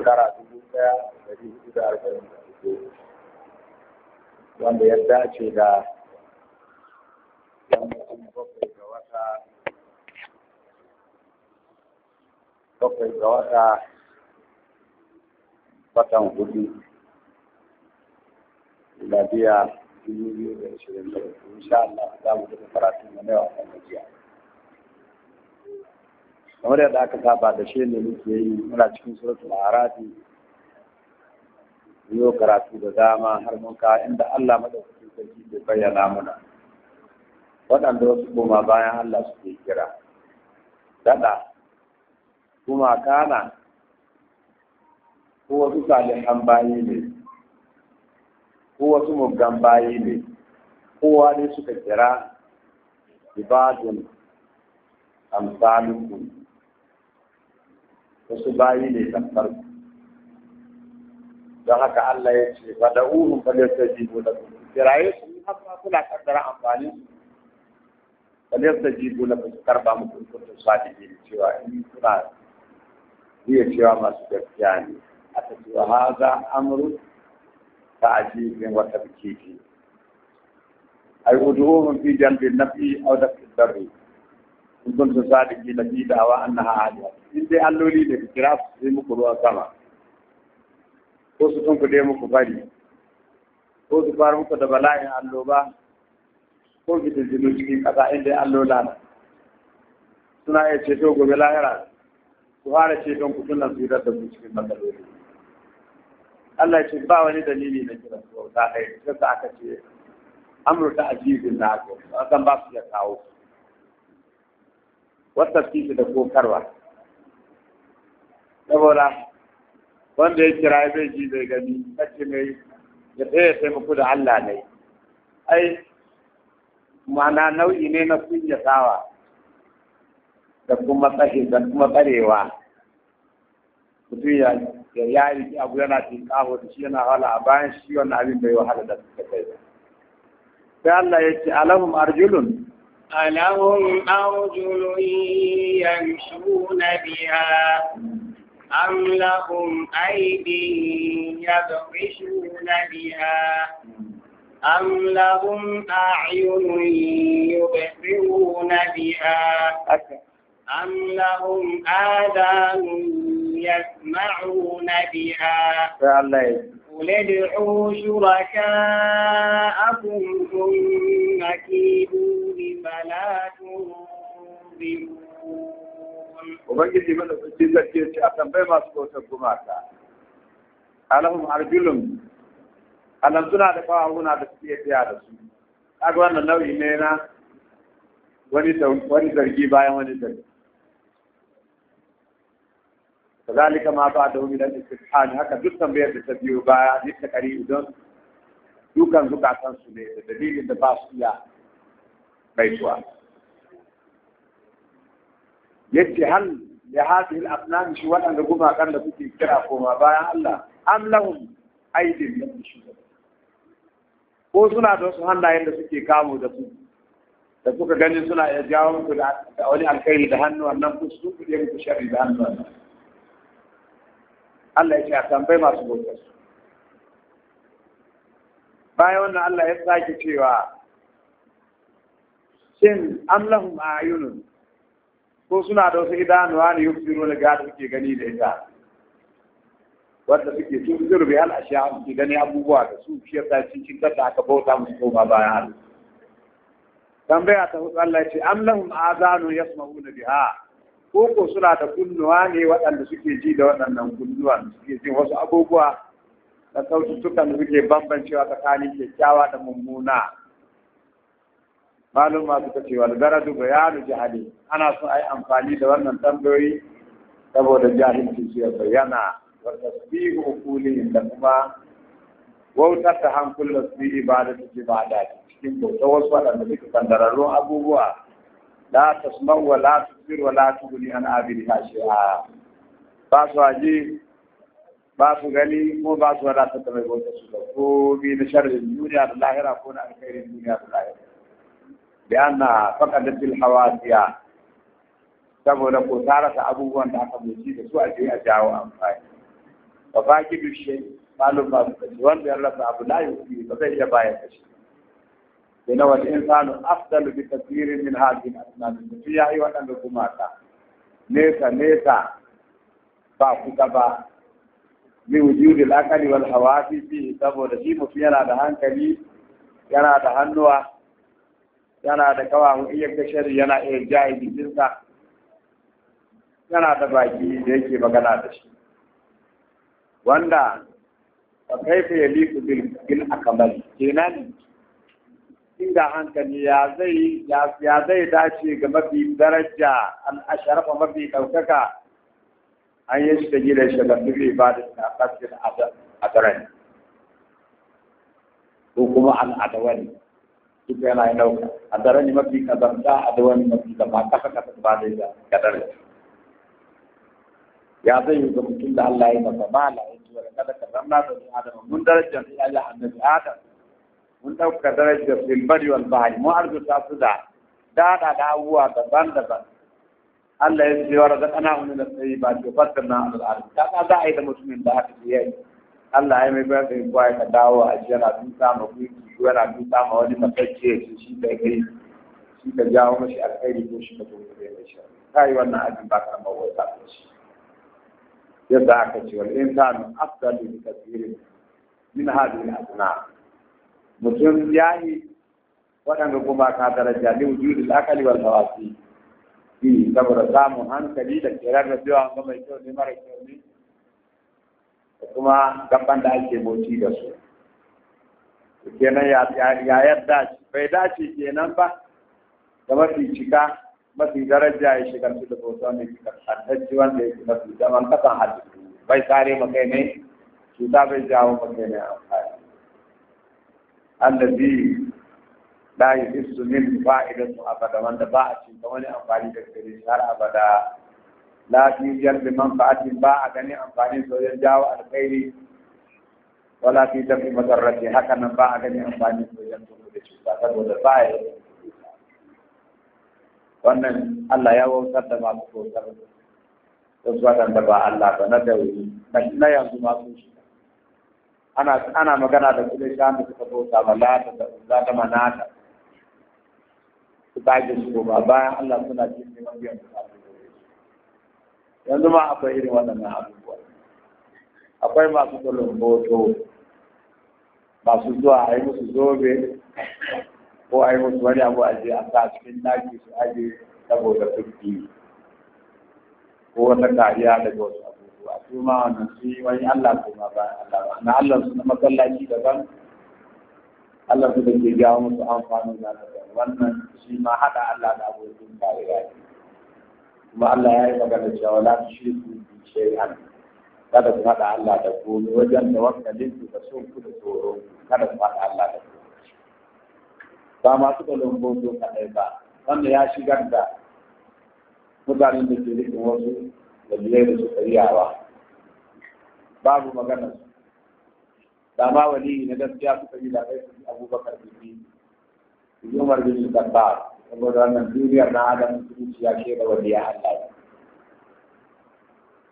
shekara dubu ɗaya da da arba'in da hudu wanda ya dace da yammacin bakwai ga wata bakwai ga wata watan hudu lafiya dubu biyu da ashirin da hudu insha Allah za mu karatun da na yawa kan gajiya kamar yadda aka saba da shi ne muke yi muna cikin suratul harafi, yau karatu da dama har mun ka inda Allah madaukakin sarki ke bayyana muna waɗanda wasu koma bayan Allah suke kira daɗa kuma kana ko wasu salihan bayi ne ko wasu muggan bayi ne kowa ne suka kira ibadun amsalukum wasu bayi ne kan farko don haka Allah ya ce ba da uhun ba ta jibo da kuma kiraye su yi haka kuna kaddara amfani ba da ta jibo da kuma karba muku kuntum sadiqin cewa in kuna iya cewa masu gaskiya ne aka ce wa haza amru ta ajibin wata bikiti ai uduhum fi jambi nafi aw dafi darri in kun su sadiki da bidawa annaha hadiya in dai alloli da kira su sai muku ruwan sama ko su tun kuɗe muku bari, ko su fara muku da bala'in alloba ko fitintinu cikin ƙasa in dai allola na suna iya ceto gobe lahira ku fara ceton ku tunan su yi da su cikin matsaloli Allah ce ba wani dalili na kira su wauta ɗaya, sai aka ce amurta ajibin na aka, akan ba su ya kawo su. wasafi da kokarwa saboda wanda ya kira bai ji zai gani kace mai ya tsaye taimako da Allah ne ai ma'ana nau'i ne na sawa. da kuma tsaye da kuma tsarewa mutum ya ya yari abu yana tinkaho da shi yana hala a bayan shi wannan abin bai wahala da suka kai ba sai Allah ya ce alahum arjulun ألهم أرجل يمشون بها أم لهم أيدي يبطشون بها أم لهم أعين يبصرون بها أم لهم آذان يسمعون بها ادعوا شركاءكم ثم كيدوني فلا Ubangiji mana kuci zarce ce a tambayi masu gumaka. alam suna da da suke da su. Kaga wannan nau'i ne wani zargi bayan wani zargi. كذلك ما بعده من الاستفحان هكا دكتن بيت التبيو بايا دكتن قريب دون دوكان زكاة تنسولي دليل ان باس إياه بيتوا يجي هل لهذه الأصنام شو أن لقوما كان لكي كرافوما بايا الله أم لهم أيدي من ko suna da wasu hannayen da suke kamo da su da suka gani suna iya jawo da wani alkairi da hannuwan nan ku su kuɗe muku sharri da hannuwan nan Allah ya ce a tambayi masu bautar su bayan wannan Allah ya sake cewa shin amlahum ayunun ko suna da wasu idanuwa ne yubsiru da gada suke gani da ita wanda suke tubsiru bi al ashiya suke gani abubuwa da su da cin cin da aka bauta musu koma bayan hannu. tambaya ta hudu Allah ya ce amlahum azanu yasma'una biha Koko suna da kunnuwa ne waɗanda suke ji da waɗannan kunnuwa suke jin wasu abubuwa da sautukan da suke bambancewa tsakanin kyakkyawa da mummuna malum ma suka ce wal garadu bayanu jahali ana so ai amfani da wannan tambayoyi saboda jahilci su ya bayyana wa tasbihu uqulihim da kuma wautar da hankulin su ibadatu ibadati cikin bauta wasu waɗanda suke kandararrun abubuwa la tasma wa la tufir wa la tuguni an abin hashiya ba su aji ba su gani ko ba su wadata ta mai su da bi na sharrin duniya da lahira ko na alkhairin duniya da lahira da yana faƙadatil hawasiya saboda ko ta abubuwan da aka mutu da su a je a jawo amfani ba ba ki dushe malum ba su kashi wanda ya rasa abu la yi ba zai iya bayar da shi ina wal insanu afdalu bi kathirin min hadhihi al-asnam mutum ya yi waɗanda ka. nesa nesa ba kuka ba bi wujudi al-aqli wal hawasi fi saboda shi mutum yana da hankali yana da hannuwa yana da kawahu iya gashari yana iya jaye jikinsa yana da baki da yake magana da shi wanda fa kaifa yaliku bil akmal kenan inda hankali ya zai ya zai dace ga mafi daraja al asharafa mafi daukaka an yi shi da gida shi da mafi ibada na kasir adaran ko kuma al adawani ita yana yi dauka adaran mafi kazanta adawani mafi zama kafa kasa ba da ya kadar ya zai yi ga mutum da Allah ya masa mala ya ji wa kada karramna da Adama, mun darajar ya Allah annabi adam mun ɗauka darajar filbari wal bahari Mu arzuta su da dada da abubuwa daban-daban Allah ya ce wa razaqana hum min at-tayyibat wa fattarna al'adu. ard kaga za a yi da mutumin da haka yayi Allah ya mai bayar da in ya ka dawo a jira sun sama kuki ko yana sun sama wani mafarki ya ce shi kai kai shi ka jawo mashi alkhairi ko shi ka zo ka bai shi yi wannan abin ba ka mawa ka ci. yadda aka ce wal insanu afdalu bi kathirin min hadhihi al-asnaf mutum ya yi waɗanda kuma ka daraja ne wujudul akali wal hawasi bi saboda samun hankali da kirar da cewa ga mai kyau ne mara kyau ne da kuma gaban da ake boci da su kenan ya yadda bai dace kenan ba da mafi cika mafi daraja ya shiga su da bauta ne ka tantance wanda ya yake mafi zaman kasan hadisi bai sare maka ne cuta bai jawo maka ne amfani allazi la yuhissu min fa'idatu abada wanda ba a cin wani amfani da gare shi har abada la fi jalbi manfa'atin ba a gani amfani da wajen jawo alkhairi wala fi dafi madarrati haka nan ba a gani amfani da wajen tuno da cuta saboda ba ya wannan Allah ya wautar da masu kotar da zuwa da ba Allah ba na dauri na yanzu masu shi ana ana magana da kudin shan da suka bauta ba lata da za ta manata su tage su ba bayan Allah suna jin neman biyan bukatu yanzu ma akwai irin waɗannan abubuwa akwai masu tsallon hoto masu zuwa a yi musu zobe ko a yi musu wani abu a je a sa cikin ɗaki su aje saboda kuɗi ko wata kariya daga wasu ba su wannan su yi wani Allah ko ma ba na Allah su na masallaci daban Allah su da ke jawo musu amfani na daban wannan shi ma haɗa Allah da abokin tare da shi kuma Allah ya yi magana cewa la su shi su bi shay'an kada su haɗa Allah da komai wajen da tawakkalin su da son ku da tsoro kada su haɗa Allah da komai ba masu ɗalin bozo kaɗai ba wanda ya shigar da mutanen da ke rikin wasu dalilai da suka riyawa babu magana su da ma wali na gaskiya suka yi da kai su abubakar bin su yi umar bin sabbar saboda wannan duniyar na adam ya ke da wani ya Allah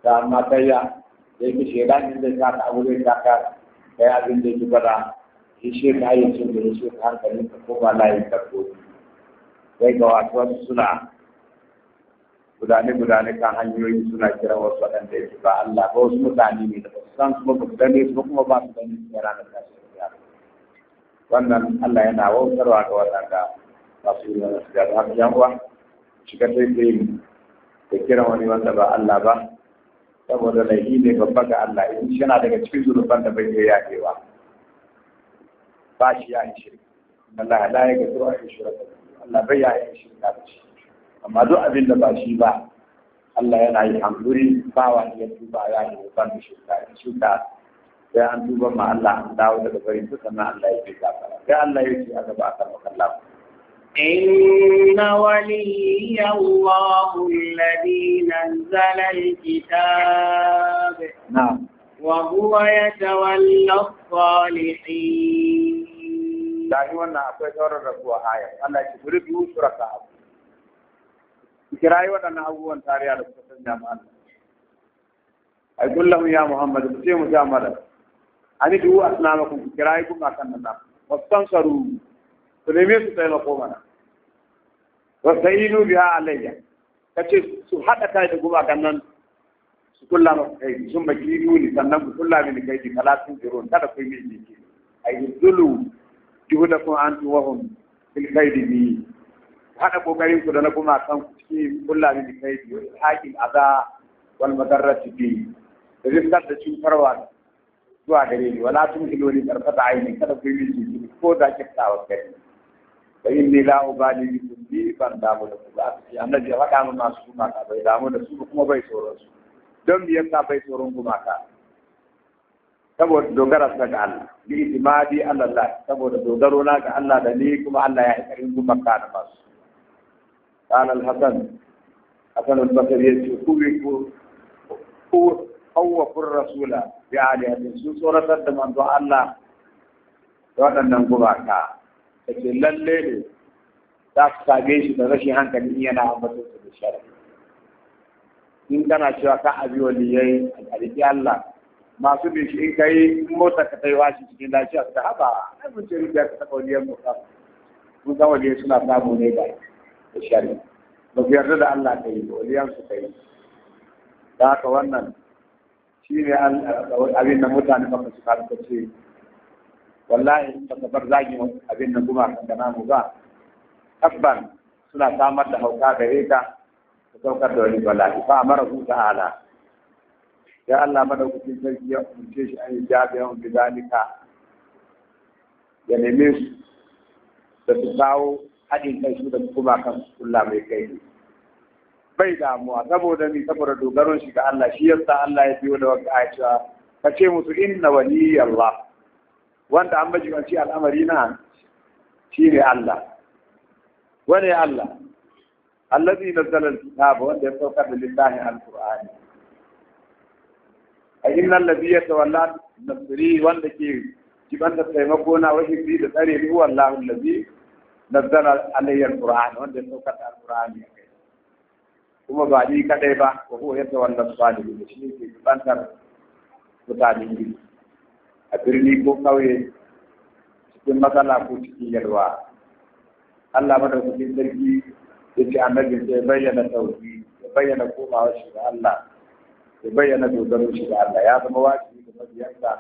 da amma sai ya yake shedan din da ka abu da ya ka kai abin da ki fada shi shi ka yi cin da shi hankalin ka ko ba layin ka ko sai ga wasu wasu suna gudane-gudane kan hanyoyi suna kira wasu waɗanda yake ba Allah ba wasu mutane ne da basu san kuma ba gane su kuma ba su gane su da tashin kiyama wannan Allah yana wautarwa ga waɗanda ba su yi wani shiga da yan shiga sai yi da kira wani wanda ba Allah ba saboda na yi ne babba ga Allah in yana daga cikin zurfan da bai yi yaƙewa ba shi ya yi shirka Allah la ya ga zuwa ya shirka Allah bai ya yi shirka da shi amma duk abin da ba shi ba Allah yana yi hankuri ba wa ya tuba ya yi wutan da shuka shuka sai an tuba ma Allah an dawo daga bari su sannan Allah ya ce gafara sai Allah ya ce a gaba a kan makalla إن ولي الله الذي نزل الكتاب نعم وهو يتولى الصالحين. دعني وانا أقول دور الرسول آية الله يقول ربي kirayi waɗannan abubuwan tariya da kuka sanya ma Allah ai kullum ya Muhammad mu ce mu ja mara ani du ku kirayi kun akan nan wastansaru to ne me su ko mana wasainu biha alayya kace su hada kai da gumakan nan su kulla ma kai sun baki ni sannan ku kulla mini kai di talatin jiro kada ku yi min jiki ai zulu juhudakum antu wa hum bil kaidi bi hada kokarin ku da na gumakan ku shi kulla min kai bi hakin aza wal madarrati bi da riskar da cutarwa zuwa gare ni wala tun hiloli karfata aini kada ku yi min ko da kiftawa gare ni fa inni la ubali bi ban damu da ku ba annabi ya faɗa min masu gumaka bai damu da su kuma bai tsoron su don me yasa bai tsoron gumaka saboda dogara ta ga Allah bi itimadi Allah saboda dogaro na ga Allah da ni kuma Allah ya yi karin gumaka da masu قال الحسن حسن rasula ya خوفوا sun tsoratar da سورة Allah da waɗannan gumaka da ke lalle ne za su same shi da rashin hankali in yana ambaton su da shari'a in kana cewa ka abi waliyai alƙaliki Allah masu bin shi in ka yi mota ka ta yi washi cikin lafiya su da haɓa ai mun ce rubiya ka taɓa waliyan mu mun san waliyai suna samu ne da da shari ba su yarda da Allah ka yi su ka yi da haka wannan shi ne abin da mutane maka su karɓa ce wallahi ba ka bar zagi abin da kuma ka gana mu ba tabban suna samar da hauka ga ka a saukar da wani bala'i fa mara hu ala ya Allah kuke sarki ya umarce shi an yi yawan bizalika ya neme su da su kawo haɗin kai su da kuma kan kulla mai kai ne bai damuwa saboda ni saboda dogaron shi ga Allah shi yasa Allah ya biyo da wata aisha ka ce musu inna wali Allah wanda an wanci al'amari na shi ne Allah wani Allah allazi nazzala al-kitaba wanda ya saukar da littafin al-Qur'ani a inna allazi yatawalla nasri wanda ke jiban da taimako na wahibi da tsare ni huwa Allahu allazi nazzala al alquran wanda ya saukar da alquran ya kai kuma ba ni kadai ba ko ko yadda wannan salihu shi ne ke bantar mutanen gidi a birni ko kauye cikin matsala ko cikin yalwa Allah madaukakin sarki ya ce annabin ya bayyana tauhidi ya bayyana komawa shi ga Allah ya bayyana dogaro shi ga Allah ya zama wajibi ga mabiyansa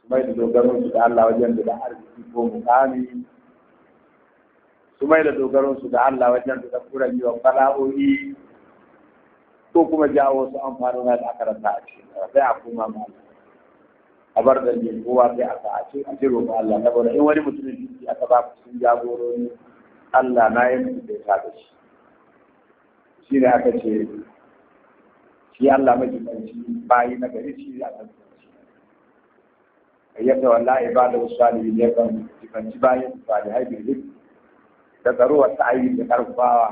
su mai da dogaro shi ga Allah wajen da arziki ko mukami su mai da dogaron su da Allah wajen da kura yi wa fara'o'i ko kuma jawo su na da aka a cikin sai a koma ma a bar da ne kowa sai a sa ce a jiro ba Allah saboda in wani mutumin jiki aka ba ku sun jagorori Allah na yi mutum da ya da shi shi ne aka ce shi Allah jimanci bayi na gari shi a kan yadda wallahi ba da wasu salihin ya kan jimanci bayan salihai bil da tsaruwar sa'ayi da karfafawa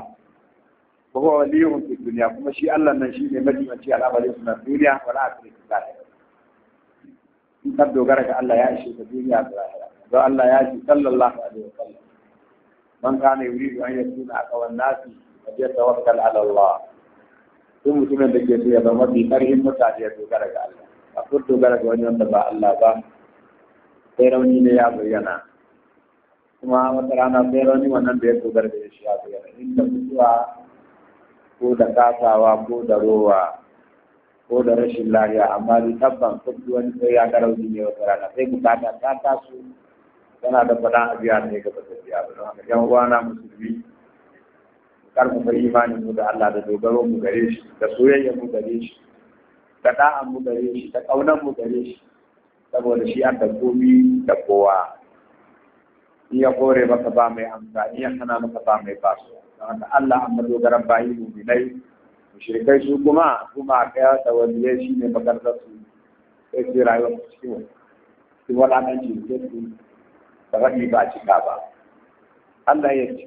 Kuma wani waliyuhum fi dunya kuma shi Allah nan shi ne majimanci al'amarin suna duniya wa la asri fi zalika in ka dogara ga Allah ya ishe ka duniya da lahira don Allah ya ji sallallahu alaihi wa sallam man kana yuridu an yakuna aqwan nasi fa yatawakkal ala Allah duk mutumin da ke so ya zama bi karhin mutane ya dogara ga Allah a dogara ga wani wanda ba Allah ba sai rauni ne ya bayyana kuma wata rana sai rauni wannan da ya dogar da shi ya dogara inda mutuwa ko da kasawa ko da rowa ko da rashin lafiya amma dai tabban kudu wani sai ya garauji ne wata rana sai bukata ta taso tana da faɗan abiya ne ga ta biya ba don haka yan uwana musulmi karfafa imani mu da Allah da dogaro mu gare shi da soyayya mu gare shi da da'an mu gare shi da ƙaunar mu gare shi saboda shi an da komi da kowa ya kore maka ba mai amsa ya hana maka ba mai basu don Allah amma dogaran bayi mu'minai mushrikai su kuma kuma kaya da ya shi ne da su sai su rayuwar su cikin wani su walakanci sai su da faɗi ba cika ba Allah ya ce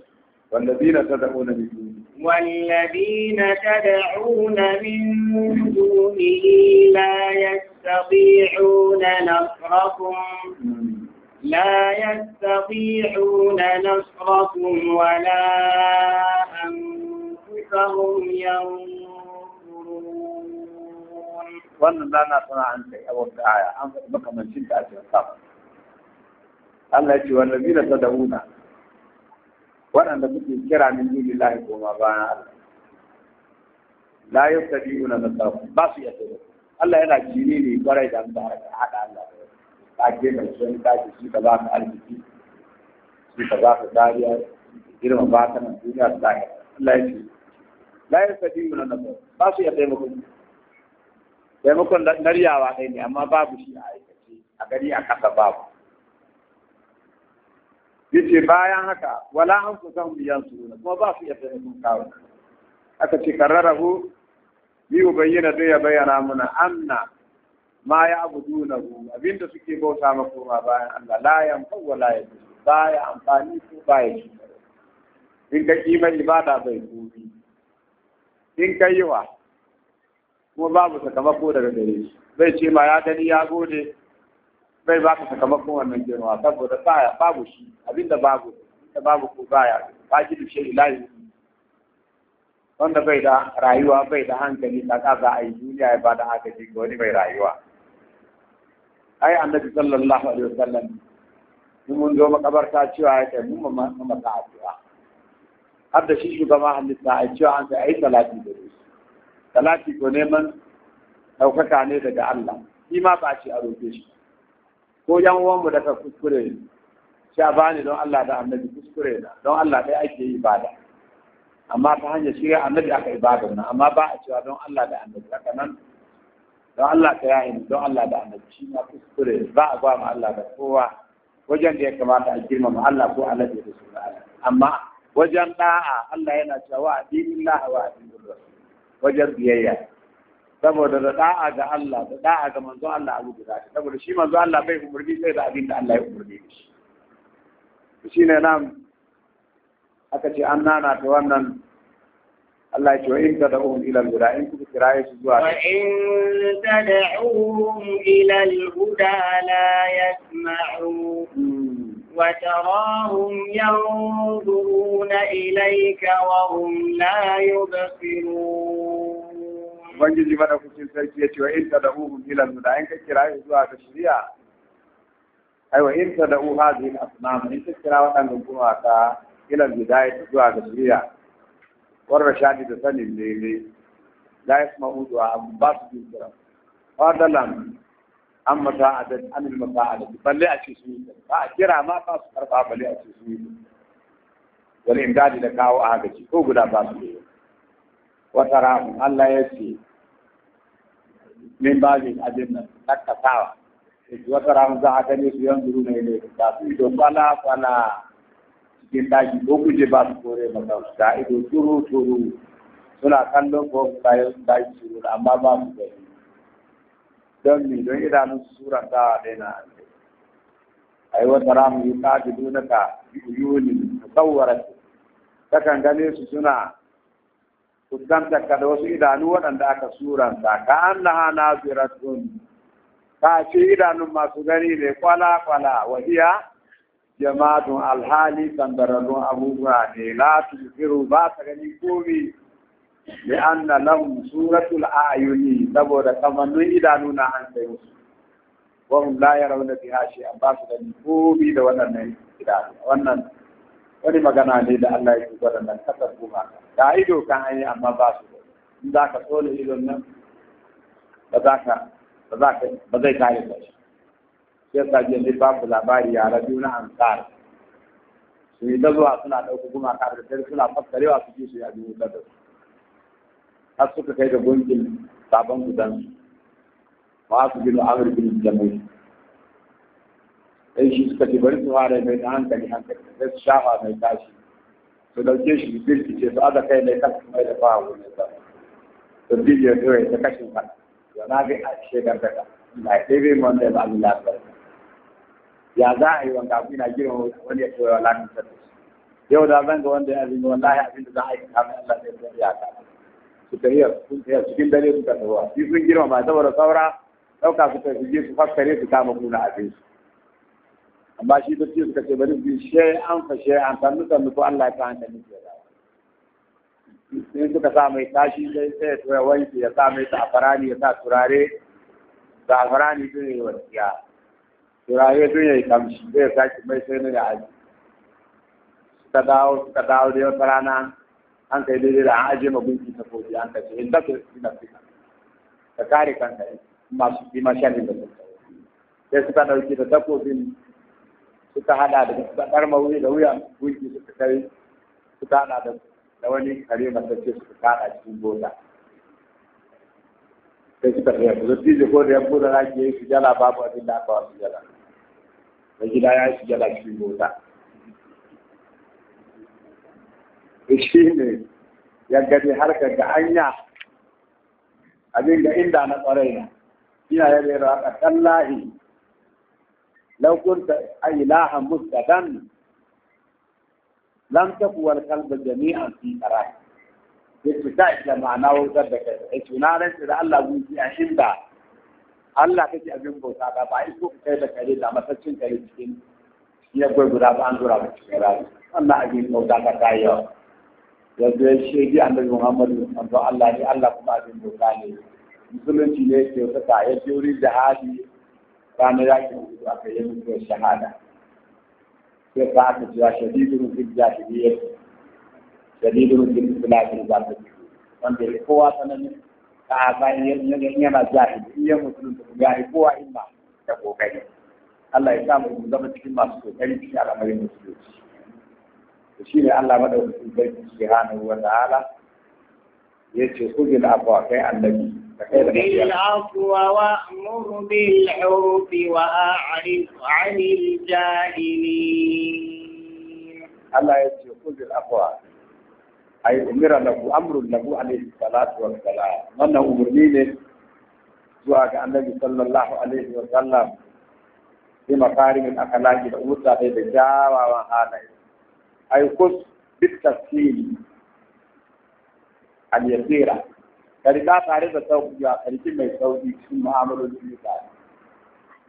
والذين تدعون من دونه والذين تدعون من دونه لا يستطيعون نصركم لا يستطيعون نصركم ولا أنفسهم ينصرون وأن لا نصر عن شيء أو الدعاية بقى من شدة أجل الصبر الله يجي والذين تدعون وأن تكون كرا من دون الله كما بان الله لا يستطيعون نصركم بس يتدعون الله يلا جيني لي قرأي جامعة حتى الله Ake girma shi wani kashi shi ka za ka arziki shi ka za ka dariya girma ba ta nan duniya ta lahira Allah ya ce lahira ta biyu na nan ba su iya taimakon taimakon naryawa ɗaya ne amma babu shi a aikace a gari a kasa babu yace bayan haka wala an su san biyan su kuma ba su iya taimakon kawo aka ce kararrahu bi bayyana zai ya bayyana mana anna ma ya abudu na abinda suke bauta ma koma bayan Allah la ya wa la ba ya amfani ko ba ya shi in ka kima ibada bai komi in ka yi wa kuma babu sakamako daga gare shi bai ce ma ya gani ya gode bai ba ka sakamakon wannan girma saboda baya babu shi abinda babu da babu ko baya ba ji da shi ilahi wanda bai da rayuwa bai da hankali da kaza a yi duniya ba da haka ji wani bai rayuwa ai annabi sallallahu alaihi wasallam in mun zo makabarta cewa ya kai mun ma maka addu'a har da shi shugaba halitta ai cewa an sai ai salati da shi salati ko neman daukaka ne daga Allah shi ma ba shi a roƙe shi ko yan uwan mu daga kuskure a bani don Allah da annabi kuskure na don Allah dai ake yi ibada amma ta hanyar shirya annabi aka ibada na amma ba a cewa don Allah da annabi haka nan don Allah ta yayin don Allah da annabci na kuskure ba a gwama Allah da kowa wajen da ya kamata a girmama Allah ko Allah da su amma wajen da'a Allah yana cewa addinin Allah wa addinin wajen biyayya saboda da da'a ga Allah da da'a ga manzo Allah abu guda saboda shi manzo Allah bai umurni sai da abin da Allah ya umurni shi shine nan aka ce an nana ta wannan Allah ce wa in tad'uhum ila al-huda in kuka kiraye su zuwa wa in tad'uhum ila al-huda la yasma'u hmm. wa tarahum yanzuruna ilayka wa hum la yubsirun Ubangiji madaukakin sarki ya ce wa in tad'uhum ila al-huda in ka kiraye su zuwa ga shari'a Aiwa wa in tad'u hadhihi al-asnam in ka kira waɗannan gumaka ila al-huda zuwa ga shari'a war shadi da sanin daidai la yasma'u du'a ba su jin kira fadalan an mata adad an al masa'ala balle a ce su yi ba a kira ma ba su karba balle a ce su yi wani imdadi da kawo a agaji ko guda ba su yi wata ramu Allah ya ce min babin abin nan nakkasawa wata ramu za a gane su yanzu ne Ba su yi don kwala kwala gidaji ko kuje ba su kore maka ga ido turu turu suna kallon ko kayan daji turu amma ba su gani don mi don idanun suran ta daina ai wata ramu yi ta gidu na ka yuni tsawara takan gane su suna kusantar ka da wasu idanu waɗanda aka suranta ka an na hana biratun ka ce idanun masu gani ne kwala-kwala wahiya jama'atun alhali sandararrun abubuwa ne la firu ba ta gani komi da an na lahun suratul ayuni saboda kamannin idanu na an sai musu wahum layar ya fi hashe an ba su gani komi da wannan idanu wannan wani magana ne da Allah ya gwada nan kasar kuma a ido kan an yi amma ba su gani in za ka tsole idon nan ba za ka ba zai kare ba shi ya sa jiya zai labari yara biyu na ansar su yi zuwa suna ɗauka gumaka da dare suna fassarewa su ji su ya biyu wutar da su har suka kai da gungin sabon gudansu ba su gino amur bin jamai sai shi suka ce bari su fara mai da hankali hankali sai su shafa mai tashi su dauke shi birki ce su aza kai mai kasa mai da fa'a wani sa su bidiyo ta kashin kana yana ga a shekar daga na ɗebe mu wanda ya ba mu lafiya ya za a yi wanda abu na girin wani ya ce wa sarki yau da zan ga wanda ya zini wallahi abin da za a yi kamar Allah zai zai ya ta su tafiya sun a cikin dare su ka tafiya su sun girma ba saboda saura ɗauka su tafi je su fakkare su kama kuna abin su amma shi da suka ce bari su she an fa she an sannu sannu ko Allah ya ka hankali ke da sai suka sa mai tashi sai sai ya wanke ya sa mai ta afarani ya sa turare da afarani zai yi wasiya turaye duk yai yi kamshi zai sake mai sai na da aji suka dawo suka dawo da yau rana an kai daidai da an aje ma gunki ta kofi an kace in dafa ina kan ka kare kanka masu bi ma shafi da kanka sai suka dauki da takobin suka hada da suka karma wuri da wuya gunki suka kai suka hada da da wani kare matacce suka kada cikin bota sai suka tsaya da zai ko da ya bude raki yi su jala babu abin da aka wasu jala mai gida ya shiga da cikin bota shi ne ya gani harkar da anya abin ga inda na kwarai na ina ya rera a tallahi laukunta a ilaha mustadan lam takuwar kalba jami'an fi tsarai ya fita ita ma'ana wutar da kai ya tunanin da Allah guji a inda Allah kake abin bauta ba ba isko ka kai da kare da mataccin kare cikin ya gwai guda ba an zura ba cikin rami wannan abin bauta ka ta yawa yanzu ya shaidi annabi Muhammadu manzo Allah ne Allah kuma abin bauta ne musulunci ne ke saka ya juri jihadi ranar yakin hudu aka yi mutuwar shahada sai ka aka cewa shadidun fil jahiliyyah shadidun fil islam ba ta wanda kowa sananin sahaba in yana jahili in ya musulunta mu gane kowa in ba da kokari Allah ya sa mu zama cikin masu kokari cikin al'amarin musulunci to shine Allah madaukakin sarki subhanahu wa ta'ala yace kujil afwa kai annabi بالعفو وأمر بالعرف وأعرف عن الجاهلين الله يجزي كل الأقوال ay umira lahu amrun lahu alaihi salatu wa salam wannan umarni ne zuwa ga annabi sallallahu alaihi wa sallam bi makarimin akhlaqi da umurta da kyawawan halaye ay kus bit tafsir al yasira karika tare da sauki a karki mai sauki cikin mu'amalolin mutane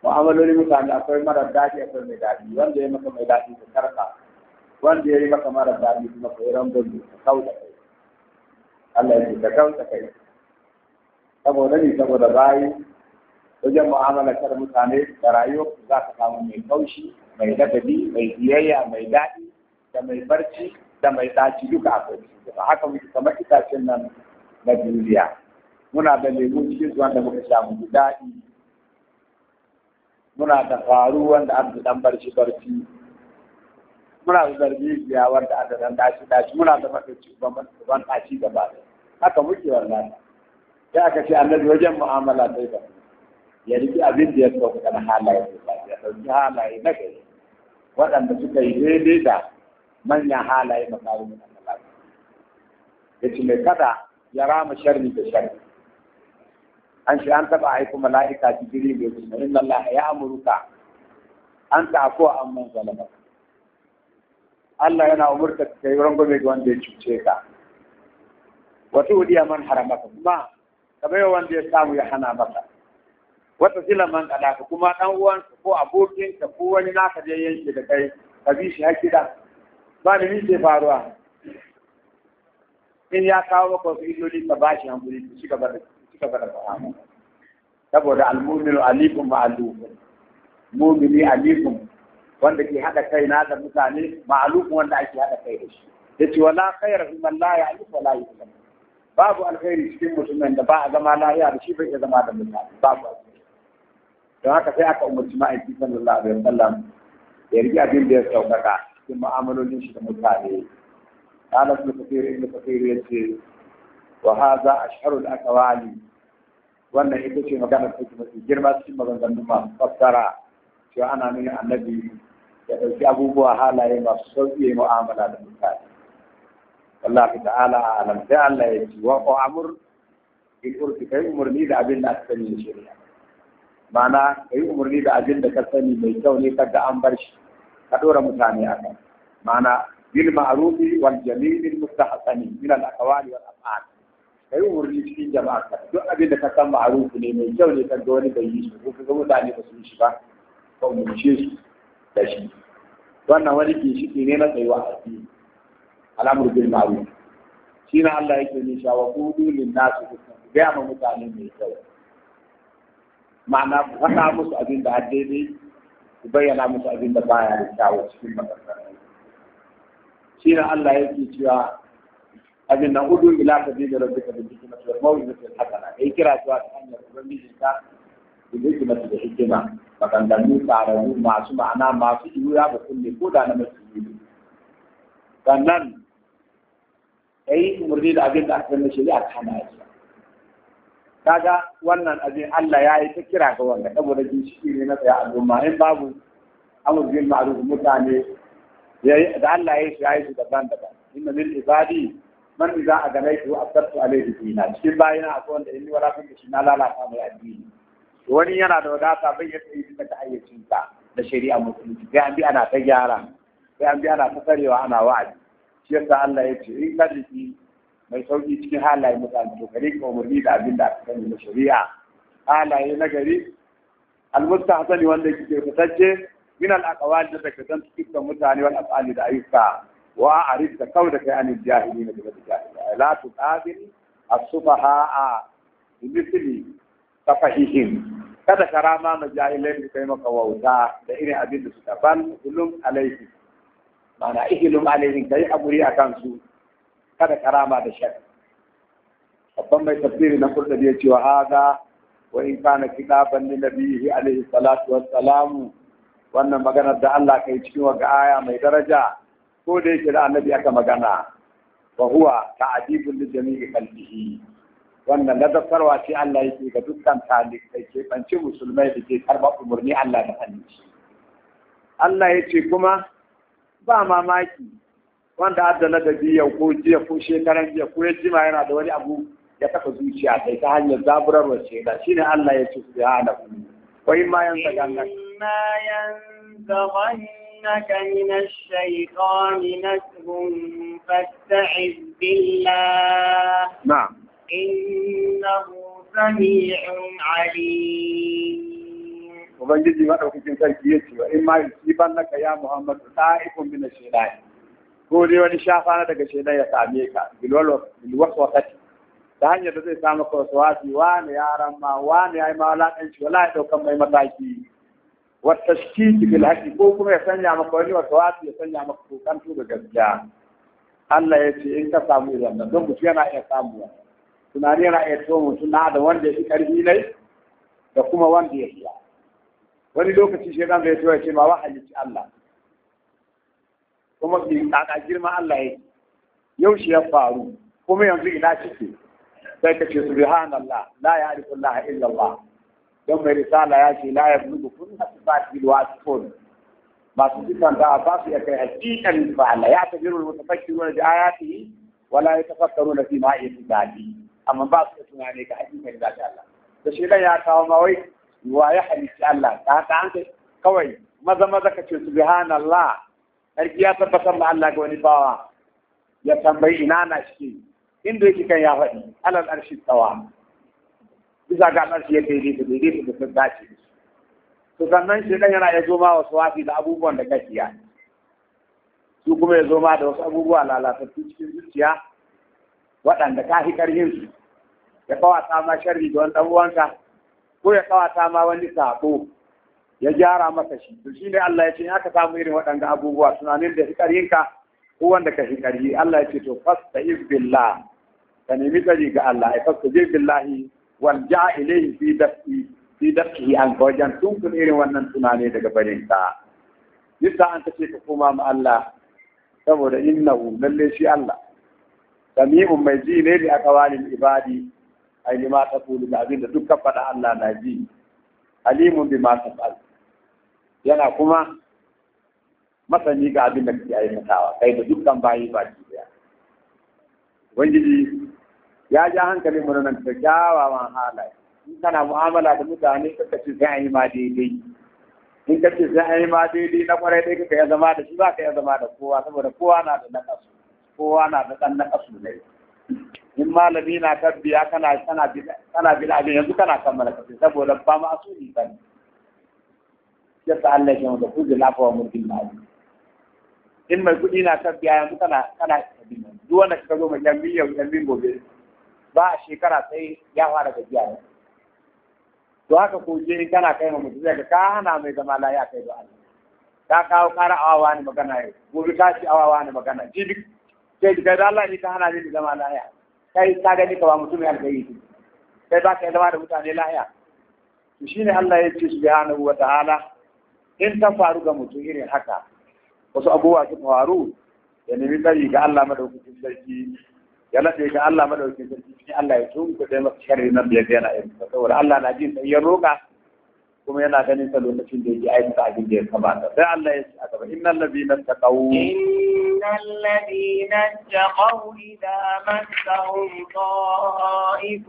mu'amalolin mutane akwai mara daɗi akwai mai daɗi wanda ya maka mai daɗi ka karka wanda ya yi maka mara daɗi kuma ka yi rangon ka kauta kai Allah ya ce ka kauta kai saboda ni saboda bayi wajen mu'amala mu'amalatar mutane da rayuwar za ka samu mai kaushi mai ladabi mai biyayya mai daɗi da mai barci da mai ɗaci duka a kai da haka muke kamar itacen nan na duniya muna da lemu cikin zuwan da muka sha mu daɗi muna da faru wanda an ɗan barci barci muna da biya wanda a da dashi dashi muna da matsatsi ban dashi gaba da haka muke wannan ya aka ce annabi wajen mu'amala dai ba ya riki abin da ya sauka na halaye ya sauki halaye na gari waɗanda suka yi daidai da manyan halaye makarin Allah ya ce mai kada ya rama sharri da sharri an shi an taɓa aiko mala'ika jibril ya ce inna Allah ya amuruka an ta ko an man maka. Allah yana umurta ka yi rangwame ga wanda ya cuce ka wata wudiya man haramata, kuma ka bai wanda ya samu ya hana maka wata sila man kada ka kuma ɗan uwansa ko abokinka ko wani naka da yanke da kai ka bi shi da ba da min ce faruwa in ya kawo maka wasu illoli ka ba shi hankuli ka ci gaba da ci gaba da saboda al-mu'minu alikum ma'alum mu'mini alikum wanda ke haɗa kai na da mutane ma'alufin wanda ake haɗa kai da shi ya ce wala khayra fi man la ya'lif wa la babu alkhairi cikin mutumin da ba a zama lahiya da shi bai iya zama da mutane babu alkhairi don haka sai aka umarci ma'aiki sallallahu alaihi wasallam ya riƙe abin da ya sauƙaƙa cikin mu'amalolin shi da mutane قال ابن كثير ابن كثير يقول وهذا أشهر الأقوال wannan ita ce magana ta kuma girma cikin maganganun ma fassara cewa ana nuna annabi ya ɗauki abubuwa halaye masu sauƙi ya yi mu'amala da mutane wallahi ta'ala a alam sai Allah ya ci wa amur in urfi kai umarni da abin da aka sani shari'a ma'ana kai umarni da abin da ka sani mai kyau ne kaga an bar shi ka ɗora mutane a kan ma'ana bil Musa wal jamil mustahsani min al aqwali wal af'al kai umarni cikin jama'a ka duk abin da ka san ma'arufi ne mai kyau ne kaga wani bai yi shi ko kaga mutane ba su yi shi ba mu umarce su dashi wannan wani ginshiki ne na tsayuwa a addini al'amur bil ma'ruf shi na Allah yake nisha wa kudu lin nasu hukun gaya ma mutane mai kyau ma'ana ku faɗa musu abin da har ne, ku bayyana musu abin da baya da kyawu cikin makarantun shi na Allah yake cewa abin nan hudu ila da rabbika bil hikmati wal mawizati al hasana kai kira zuwa ta hanyar ubangijinka بالحكمة بالحكمة فكان لم يتعرضوا مع سمع أنا مع سيئوا يا ya yi umarni da فنن أي مريد أبين أكبر مشي أتحنى أجل kaga wannan abin Allah ya yi ta kira ga wanda saboda jin shi ne na tsaye al'umma in babu amur bin mutane da Allah ya yi shi ya yi shi daban daban inna lil ibadi man idza aganaitu asartu alayhi dinan cikin bayina akwai wanda in ni wala kun shi na lalata mai addini wani yana da wadata bai ya da bisa ta ayyacinta da shari'a musulunci sai an bi ana ta gyara sai an bi ana ta tsarewa ana wa'azi shi yasa Allah ya ce in ka jiki mai sauki cikin halaye mutane to gari ka umarni da abin da aka sani na shari'a halaye na gari almustahsani wanda yake fitacce min al da daga zan cikin mutane wal af'ali da ayyuka wa arif da kauda kai anil jahilin da jahilai la tuqabil as-sufaha bi ka fahihim kada ka rama ma jahilai da kai maka wauta da irin abin da suka ban ulum alaihi mana ihilum alaihi kai aburi a kansu kada ka rama da shak babban mai tafsiri na kurda ya ce wa hada wa in kana kitaban li nabiyhi alaihi salatu wassalam wannan maganar da Allah kai cikin wa aya mai daraja ko da yake da annabi aka magana wa huwa ta'adibul li jami'i qalbihi wannan ladabtarwa ce Allah yake ga dukkan talibai ke banci musulmai da ke karba umarni Allah da hannun Allah ya ce kuma ba mamaki wanda adda ladabi yau ko jiya ko shekaran jiya ko ya jima yana da wani abu ya taɓa zuciya sai ta hanyar zaburarwa ce da ne Allah ya ce su ya hana ku ko ma yanzu gangan ma إنه سميع عليم Ubangiji maɗaukakin sarki ya ce wa in ma yusiban naka ya Muhammad ta'ifun min ash-shaytan ko dai wani shafa na daga shaytan ya same ka bil waswasati ta hanyar da zai samu ka waswasi wani yaran ma wani yayi ma walakanci wala ya daukan mai mataki wa tashkiki bil haqi ko kuma ya sanya maka wani waswasi ya sanya maka kokanto da gaskiya Allah ya ce in ka samu idan don mutum yana iya samu wannan tunani yana iya tuwo mutum na da wanda ya fi ƙarfi nai da kuma wanda ya fiya wani lokaci shi zan zai tuwa ce ma wa halitta Allah kuma bi tsada girma Allah ya yau shi ya faru kuma yanzu ina ciki, sai ka ce su bi subhanallah la ya'rifu Allah illa Allah don mai risala ya ce la yablugu kun a wasifun masu sifan da ba su ya kai hakikan ba Allah ya tajiru al wani bi ayatihi wala tafakkaru yatafakkaruna fi ma'i ibadi amma ba su da tunani ga hakikar da Allah da shi ya kawo ma wai wa ya hadisi Allah ta haka an kai kawai maza maza ka ce subhanallah sarki ya tabbatar ma Allah ga wani bawa ya tambayi ina na shi inda yake kan ya faɗi alal arshi tsawa bisa ga arshi ya daidaita daidaita da sun dace to sannan shi dan yana ya zo ma wasu wafi da abubuwan da kake ya su kuma ya zo ma da wasu abubuwa lalatattu cikin zuciya waɗanda ka fi ƙarfinsu ya kawata ma sharri da wani ɗan'uwanka ko ya kawata ma wani sako ya gyara maka shi to ne Allah ya ce ya ka samu irin waɗanda abubuwa tunanin da fi ƙarfinka ko wanda ka fi ƙarfi Allah ya ce to fasta izbillah ka nemi tsari ga Allah ya fasta billahi wal ja'a fi dafi fi dafi an ka wajen tunkun irin wannan tunani daga barinka yadda an ta ka koma ma Allah saboda innahu lalle shi Allah sami'un mai ji ne da aka walin ibadi ai lima ta kulu da abin da dukkan faɗa Allah na ji alimun bi ma yana kuma masani ga abin da kake aikatawa kai da dukkan bayi ba ya. Wani ubangiji ya ja hankalin mu nan da kyawawan halaye in kana mu'amala da mutane kaka ce sai an yi ma daidai in kace sai an yi ma daidai na kwarai dai kaka ya zama da shi ba ka ya zama da kowa saboda kowa na da nakasu kowa na da ɗan na ƙasu ne in malami na tabbiya kana kana kana bin abin yanzu kana kammala kace saboda ba ma asuli kan ya ta Allah ya wanda kuje na fa mun bin mali in mai kuɗi na tabbiya yanzu kana kana bin duk wanda ka zo mai yan miliyan yan bin gobe ba a shekara sai ya fara gajiya ne to haka ko je in kana kai mutum zai ka hana mai zama laya kai ba Allah ka kawo Kara awawa ne magana yau gobe ka ci awawa ne magana jibi sai ga da Allah ne ka hana ni zama lahiya kai ka gani ka ba mutum ya ki sai ba ka zama da mutane lahiya to shine Allah ya ce subhanahu wa ta'ala in ta faru ga mutum irin haka wasu abubuwa su faru ya nemi tsari ga Allah madaukakin sarki ya lafe ga Allah madaukakin sarki shi Allah ya tun, tunku da masa sharri nan biyar yana yin saboda Allah na jin sai ya roka kuma yana ganin sa lokacin da yake aikata abin da ya kamata sai Allah ya ce a gaba innal ladina taqaw الذين اتقوا إذا مسهم طائف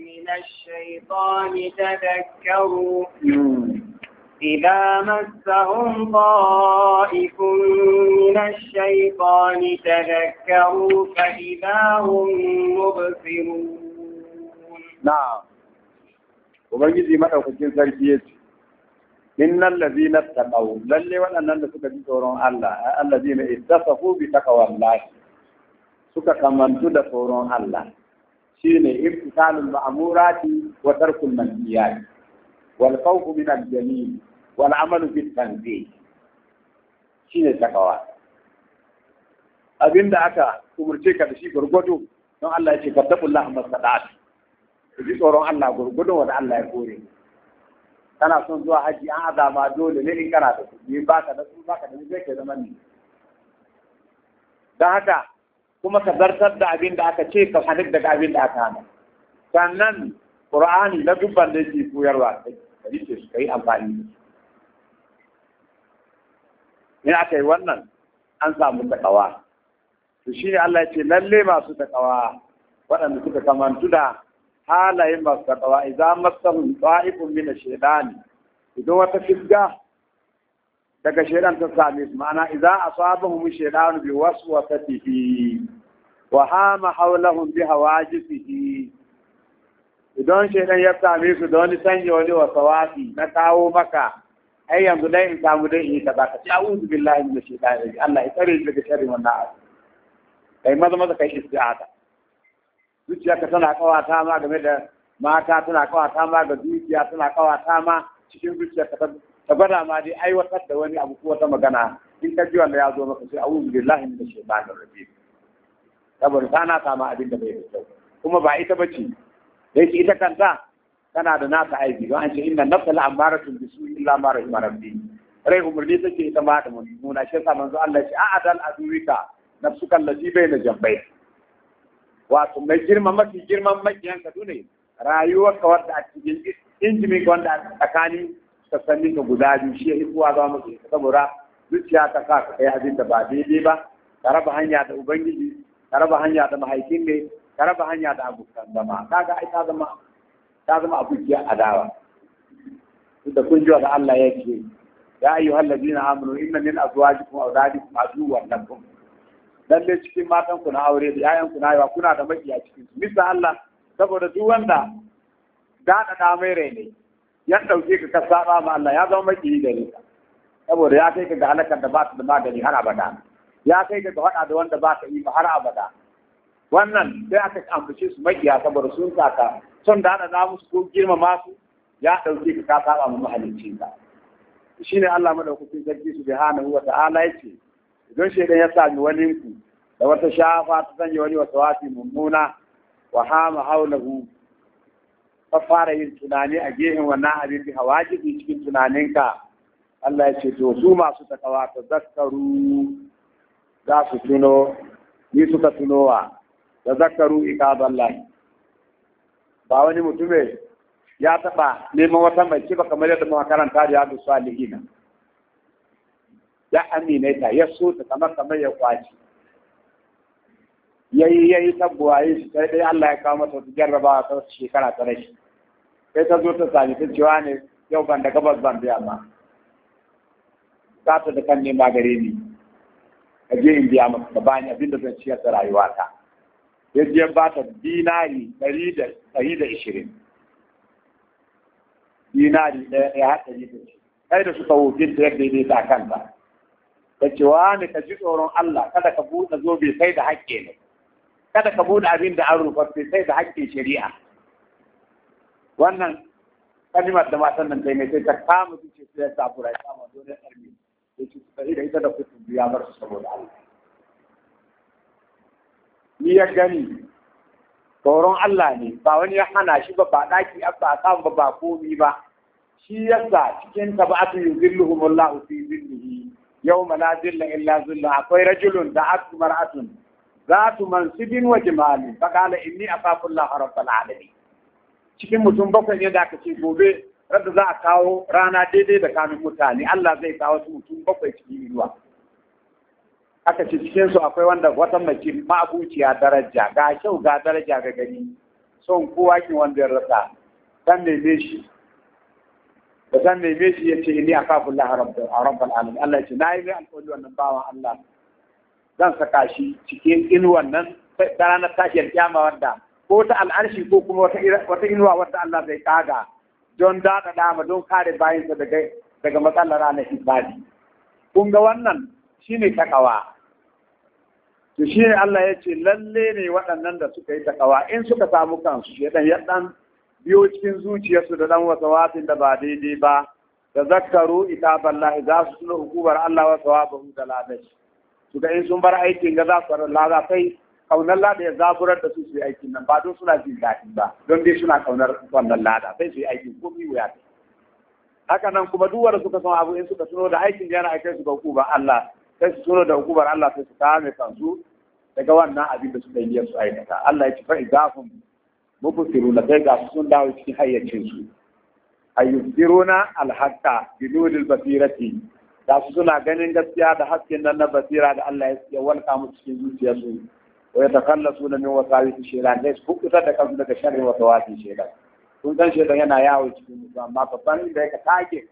من الشيطان تذكروا إذا مسهم طائف من الشيطان تذكروا فإذا هم مبصرون نعم وبنجي مدعو في الجنسة innal ladina taqaw lalle waɗannan da suka ji tsoron Allah allazina ittasafu bi taqwallahi suka kamantu da tsoron Allah shine ibtisalul ma'murati wa tarkul manhiyat wal khawfu min al-jamil wal amalu bit tanzih shine takawa abinda aka umurce ka da shi gurgudu don Allah ya ce ka tabullahi masadat ku ji tsoron Allah gurgudu wanda Allah ya kore ku kana son zuwa haji an azama dole ne in kana da kuɗi ba ka da su ba ka da zai ke zaman ne don haka kuma ka zartar da abin da aka ce ka hannun daga abin da aka hana sannan qur'ani na dubban da yake koyarwa ka rike su ka yi amfani da su in aka yi wannan an samu takawa to ne Allah ya ce lalle masu takawa waɗanda suka kamantu da halayen masu takawa idan masahu ba'ifun min shaitani idan wata fisga daga shaitan ta same su ma'ana idan asabahum shaitanu bi waswasatihi wa hama hawlahum bi hawajisihi idan shaitan ya same su da wani sanya wani wasawasi na kawo maka ai yanzu dai in samu dai in yi kaza ka ci a'udhu billahi minash shaitani Allah ya tsare daga sharri wannan abu kai maza maza kai isti'aza zuciyarka tana kawata ma game da mata tana kawata ma ga zuciya tana kawata ma cikin zuciyarka ta gwada ma dai aiwatar da wani abu ko wata magana in ka ji wanda ya zo maka sai da shi ba da rabi saboda tana kama abin da bai da kyau kuma ba ita bace dai ita kanta tana da nata aiki don an ce inna nafsa la amaratun bisu illa ma rahima rabbi rai umarni take ita ma da mummuna shi sa manzo Allah ya ce a'adal azurika nafsuka allati baina jambayka wato mai girma mafi girman makiyan ka ne rayuwar ka wadda a cikin injimin ka wanda a tsakanin sassanin ka guda biyu shi ya hikuwa zama mafi saboda zuciya ta sa ka kai abin da ba daidai ba ka raba hanya da ubangiji ka raba hanya da mahaifin ne ka raba hanya da abokan zama kaga ai ta zama ta zama abokiyar adawa da kun ji da Allah ya ce ya ayyuhal ladina amanu inna min azwajikum wa awladikum aduwwan lakum lalle cikin matan ku na aure da yayan ku na yawa kuna da a cikin su bisa Allah saboda duk wanda da da mai rai ne ya dauke ka ka saba ma Allah ya zama maki da ni saboda ya kai ka ga halakar da ba su da magani har abada ya kai ka ga hada da wanda ba ka yi ba har abada wannan sai aka ambace su makiya saboda sun saka son da hada musu ko girmama su ya dauke ka ka saba ma mahalicci ka shine Allah madaukakin sarki subhanahu wa ta'ala yake idan shaidan ya sami wani ku da wata shafa ta sanya wani wata wafi mummuna wa hama haulahu ka fara yin tunani a gehen wannan abin da hawajibi cikin tunaninka Allah ya ce to su masu takawa ta zakaru za su tuno ni suka tunowa da zakaru zallar. ba wani mutume ya taɓa neman wata mai kiba kamar yadda makaranta karanta da yadda salihina ya ta ya so ta kamar kamar ya kwaci yayi yayi tabbuwa yi sai dai Allah ya kawo mata jarraba ta shekara ta rashi sai ta zo ta sami ta cewa ne yau ban da gabas ban biya ma ta ta da kan nema gare ni ka je in biya maka ka bani abinda zan ciyar da rayuwata ya je ba ta dinari ɗari da ɗari da ishirin dinari ɗaya ɗaya har ɗari da kai da suka wuce ta yadda ya ta kanta da cewa ne ka ji tsoron Allah kada ka buɗe zobe sai da haƙƙi ne kada ka buɗe abin da an rufaffe sai da haƙƙin shari'a wannan kalimar da matan nan taimai sai ta kama su ce su ya sa ya kama dole ƙarfi ya ci su da ita da kuɗin biya bar su saboda Allah ni ya gani tsoron Allah ne ba wani ya hana shi ba ba ɗaki ba samu ba ba komi ba shi yasa cikin tabatu yuzilluhumullahu fi zillihi Yau, la zilla illa zilla akwai rajulun da atu mar'atun zatu mansibin wa jimalin fa qala inni akhafu Allah rabbal alamin cikin mutum bakwai ne da aka ce gobe radda za a kawo rana daidai da kanun mutane Allah zai kawo su mutum bakwai cikin inuwa aka ce cikin akwai wanda wata mace ma'abuciya daraja ga kyau ga daraja ga gani son kowa ki wanda ya rasa dan neme shi da zan neme shi yace kafin kafin rabbal alamin Allah ce na yi mai alƙawari wannan bawan Allah zan saka shi cikin inuwan nan ranar tashiyar kyama wanda ko ta al'arshi ko kuma wata inuwa wanda Allah zai kaga don daɗa dama don kare bayansa daga daga matsalar ranar hibadi kun ga wannan shine takawa to ne Allah ya ce lalle ne waɗannan da suka yi takawa in suka samu kansu shi ya ɗan biyo cikin zuciyarsu da dan wasawasin da ba daidai ba da zakaru itaballahi za su tuna hukumar Allah wa sawabahu da ladashi su ga in sun bar aikin ga za su lada sai kaunar lada ya zaburar da su su yi aikin nan ba don suna jin daɗi ba don dai suna kaunar wannan lada sai su yi aikin ko bi wuya ta haka nan kuma duk wanda suka san abu in suka tuno da aikin yana aikin su ga hukumar Allah sai su tuno da hukumar Allah sai su kame kansu daga wannan abin da suka yi su aikata Allah ya ci fa idafun mubsiruna sai ga sun dawo cikin hayyacin su ayyubsiruna alhaqqa bi nuril basirati da su suna ganin gaskiya da hasken nan na basira da Allah ya walka musu cikin zuciya-suƙi. zuciyarsu wa na min wasawisi shaytan dai su kuta da kansu daga sharri wasawisi shaytan kun san shaytan yana yawo cikin mutum amma babban da ya take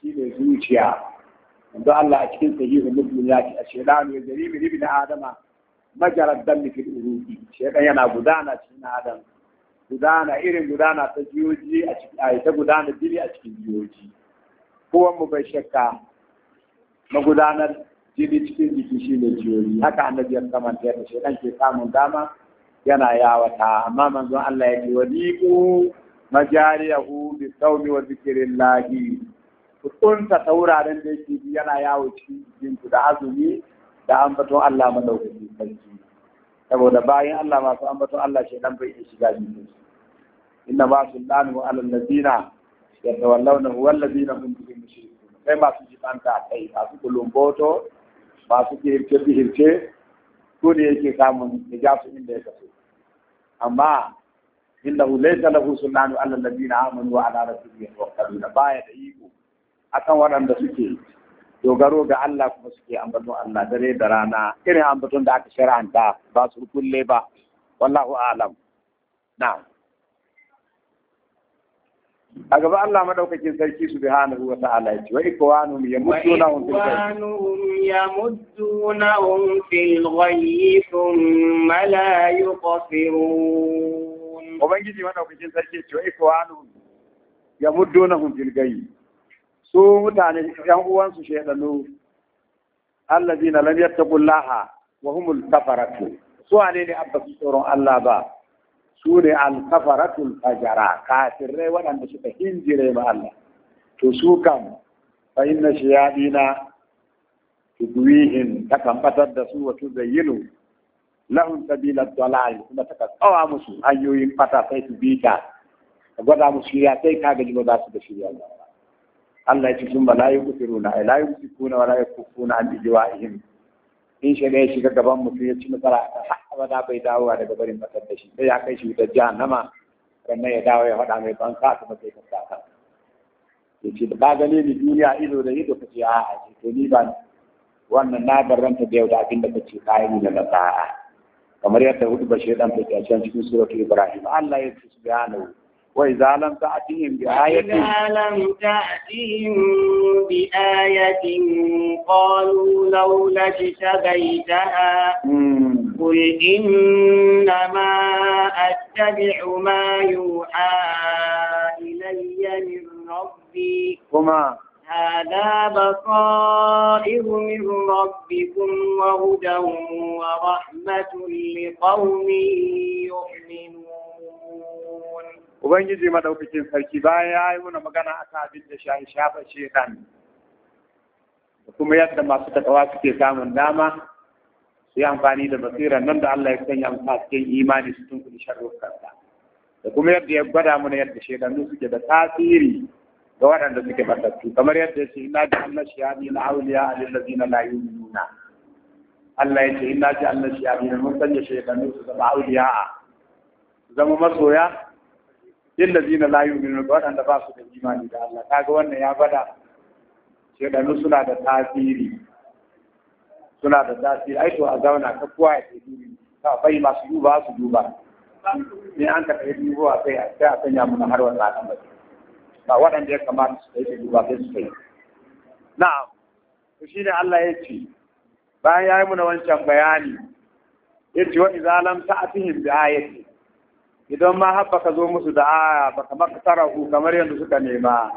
shi ne zuciya yanzu Allah a cikin sahihu muslim ya ce shaytan ya jari min ibn adama majarar dammi fil urubi shaytan yana gudana cikin adam gudana irin gudana ta jiyoji a cikin ta gudana jiri a cikin jiyoji kowan mu bai shakka magudanar jini cikin jiki shi ne jiyoji haka annabi ya kamanta yadda shaidan ke samun dama yana yawata amma manzon Allah ya ce wa diku majariyahu bi saumi wa zikirin lahi. kunta tauraren da yake yana yawo cikin jinku da azumi da ambaton Allah madaukaki sarki saboda bayan Allah masu ambaton Allah shi dan bai shiga jikin su inna ma sultanu ala allazina yatawallawna huwa allazina hum bihi mushrikun kai masu jibanta kai masu kulumboto masu kirce kirce ko ne yake samun ya su inda ya kaso amma innahu laysa lahu sultanu ala allazina amanu wa ala rasulihim yatawakkaluna baya da iko akan waɗanda suke dogaro ga Allah kuma suke ambaton Allah dare da rana irin ambaton da aka shara'anta ba su kulle ba wallahu alam na. a gaba Allah madaukakin sarki subhanahu wa ta'ala ya ce wa ikwanuhum yamuddunahum fil ghayyi yamuddunahum fil ghayyi thumma la yuqsirun ubangiji madaukakin sarki ya ce wa ikwanuhum yamuddunahum fil ghayyi su mutane yan uwansu shaidanu na lam yattaqullaha wa humul kafaratu su ne ne abba su tsoron Allah ba su ne al kafaratul fajara kafirai waɗanda suka hinjire ma Allah to su kam fa inna shiyadina tudwihin kan batar da su wa tuzayyinu lahum sabila dalal kuma ta tsawa musu hanyoyin fata sai su bita gwada musu ya sai kaga ba za su da shirya ba Allah ya ce sun ba la yi kufiru na la yi kufiru na wala yi kufiru na an jiwa ihim in shi ne shiga gaban mutum ya ci nasara har abada bai dawo daga barin matar da shi sai ya kai shi wutar jahannama sannan ya dawo ya faɗa mai ban sa kuma sai ka sa ka ya ce da ka gane ni duniya ido da ido ka ce a ce to ni ba wannan na ranta da yau da abin da ka ce kayan da na sa'a kamar yadda hudu fita dan can cikin suratul ibrahim Allah ya ce subhanahu وإذا لم تأتهم بآية وإذا لم تأتهم بآية قالوا لولا اجتبيتها قل إنما أتبع ما يوحى إلي من ربي وما هذا بصائر من ربكم وهدى ورحمة لقوم يؤمنون ubangiji madaukakin sarki bayan ya yi muna magana akan abin da shahi shafa shedan da kuma yadda masu takawa suke samun dama su yi amfani da basirar nan da Allah ya sanya amsa cikin imani su tun tunkuli sharrukansa da kuma yadda ya gwada mana yadda shedanu suke da tasiri ga waɗanda suke matattu kamar yadda ya ce ina ji Allah shi yaɗi na auliya a na la nuna. Allah ya ce ina ji Allah shi yaɗi na mun sanya shedanu su zama auliya zama masoya layu la yu'minuna waɗanda ba su da imani da Allah kaga wannan ya bada shedanu suna da tasiri suna da tasiri ai to a zauna ka kowa ya ke dubi ka bai masu duba su duba ne an ka yi duba sai a sai a sanya muna har wannan al'amari ba waɗanda ya kamata su kai duba sai su kai na'am to shine Allah ya ce bayan ya yi muna wancan bayani ya ce wa idza lam ta'tihim bi ayati idan ma har baka zo musu da aya baka maka ku kamar yadda suka nema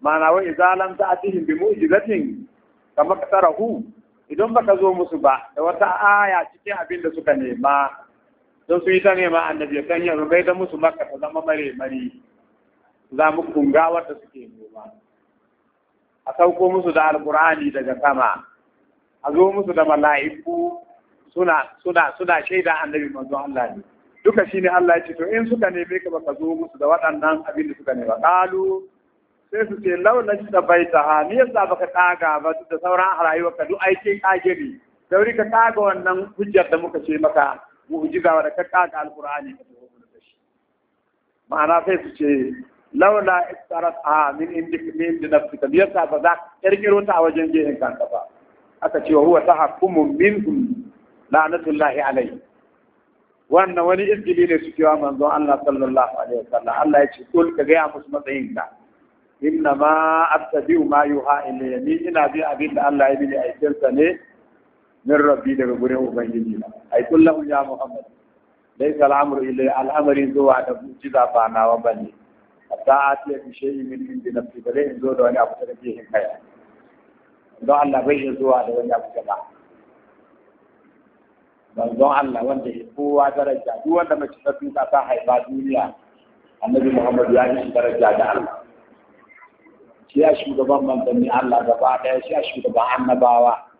ma'ana wa idza lam atihim bi mu'jizatin tara ku idan baka zo musu ba da wata aya cikin abin da suka nema don su yi ta nema annabi ya kan yanzu bai da musu maka ta zama mare mari za mu kunga wanda suke nema a sauko musu da alkur'ani daga sama a zo musu da mala'iku suna suna suna shaida annabi manzo Allah ne duka shine Allah ya ce to in suka nemi ka baka zo musu da waɗannan abin da suka nema kalu sai su ce laula da baita ha ni yasa baka tsaga ba da sauran rayuwar ka duk aikin ne dauri ka tsaga wannan hujjar da muka ce maka mu'jiza da ka tsaga alqur'ani ka zo da shi ma'ana sai su ce laula istarat a min indik min nafsika yasa ba za ka kirkiro ta a wajen gehen kanka ba aka ce wa huwa tahakkumun minkum la'natullahi alayhi wannan wani izgili ne suke wa manzo Allah sallallahu alaihi wasallam Allah ya ce kul ka gaya musu matsayin ka inna ma attabi'u ma yuha ilayya ni ina bi abin da Allah ya bi aikin sa ne min rabbi daga gurin ubangiji ai kullahu ya muhammad laysa al-amru ilayya al-amri zuwa da mu'jiza ba nawa bane hatta atiya bi shay'in min indi nafsi bare in zo da wani abu da kake hin kaya don Allah bai zuwa da wani abu da ba manzon Allah wanda ya kowa daraja duk wanda mace ta tuka ta haifa duniya annabi Muhammadu ya yi daraja da Allah shi ya shugaban manzanni Allah gaba daya shi ya shugaban annabawa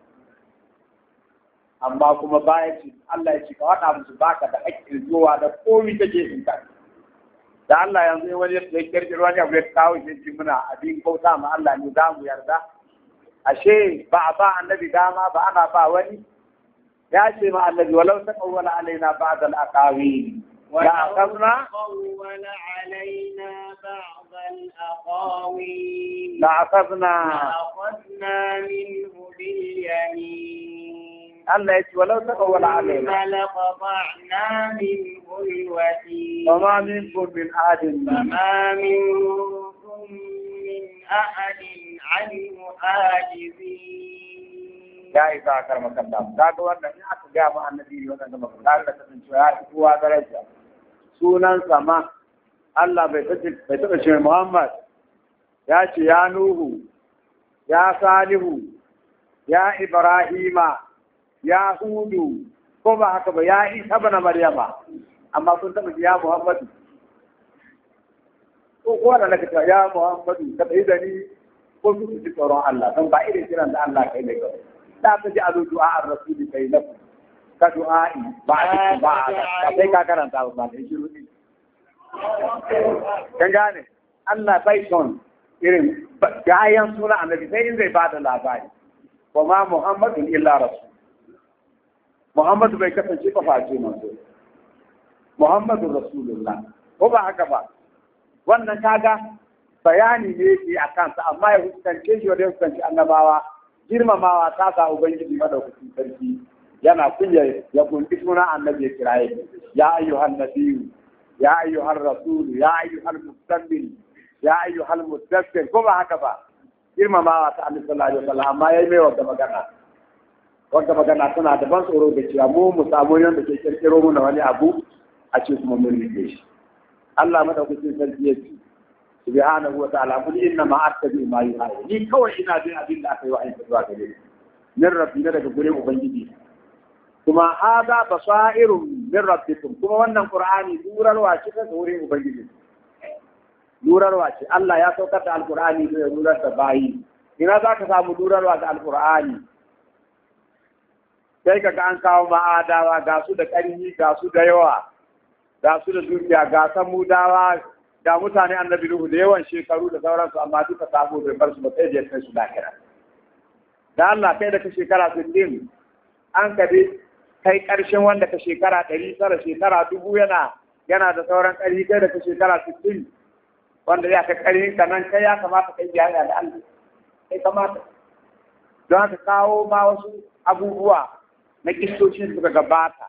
amma kuma baya ce Allah ya ce ka wada musu baka da hakkin zuwa da komai take in ka da Allah yanzu wani ya kirkiro wani abu ya kawo shi muna abin bauta ma Allah ne za mu yarda ashe ba a ba annabi dama ba ana ba wani يا سيما الذي ولو تقول علينا بعض الأقاويل al-aqawil لأخذنا علينا بعض الأقاويل لأخذنا لأخذنا منه باليمين الله يسوى ولو تقول علينا لقطعنا منه الوثيق وما منكم من أحد وما منكم من أحد عنه حاجزين ya yi sa kar Ta ka ga wannan in aka ga ma annabi ne wannan da ta da kasancewa ya fi kowa daraja sunan sama Allah bai taɓa ce Muhammad ya ce ya Nuhu ya Salihu ya Ibrahima ya Hudu ko ba haka ba ya Isa bana Maryama amma sun taɓa ya Muhammadu ko ko da nake ya Muhammadu ka da ni ko su ji tsoron Allah dan ba irin kiran da Allah kai ne kawai la taj'alu du'a ar-rasul bainakum ka du'a'i ba'dikum ka sai ka karanta ba da shiru ne kan gane Allah bai son irin gayan suna annabi sai in zai bada labari wa ma muhammadun illa rasul muhammadu bai kasance ba face manzo Muhammadu rasulullah ko ba haka ba wannan kaga bayani ne yake a kansa amma ya hukunce shi wajen hukunci annabawa girmamawa ta ga ubangiji madaukakin sarki yana kunya ya gunki suna annabi ya kira ya ya ayyuhan nabiyyu ya ayyuhan rasulu ya ayyuhan mustammil ya ayyuhan mudaffir ko ba haka ba girmamawa ta annabi sallallahu alaihi wasallam amma yayi mai wanda magana wanda magana tana da ban tsoro da cewa mu mu samu yanda ke kirkiro mu na wani abu a ce kuma mun rike shi Allah madaukakin sarki ya ce subhanahu wa ta'ala kul inna ma attabi ma yuha ni kawai ina bin abin da aka yi wa ayyuka zuwa gare ni min rabbi na daga gurin ubangiji kuma hada basairun min rabbikum kuma wannan qur'ani nurarwa ce ta gurin ubangiji Nurarwa ce Allah ya saukar da alqur'ani da durar da bayi ina za ka samu nurarwa da alqur'ani sai ka ga an kawo ma'adawa ga su da ƙarfi ga su da yawa ga su da zuciya ga san mudawa Da mutane annabi Nuhu da yawan shekaru da sauransu amma duka sabo bai bar su ba sai je kai su lakira da Allah kai da ka shekara 60 an kabe kai karshen wanda ka shekara tara, shekara dubu yana yana da sauran ƙari, kai da ka shekara 60 wanda ya ka ƙarfin ka nan kai ya kamata kai jami'a da Allah kai kamata don haka kawo ma wasu abubuwa na kistocin suka gabata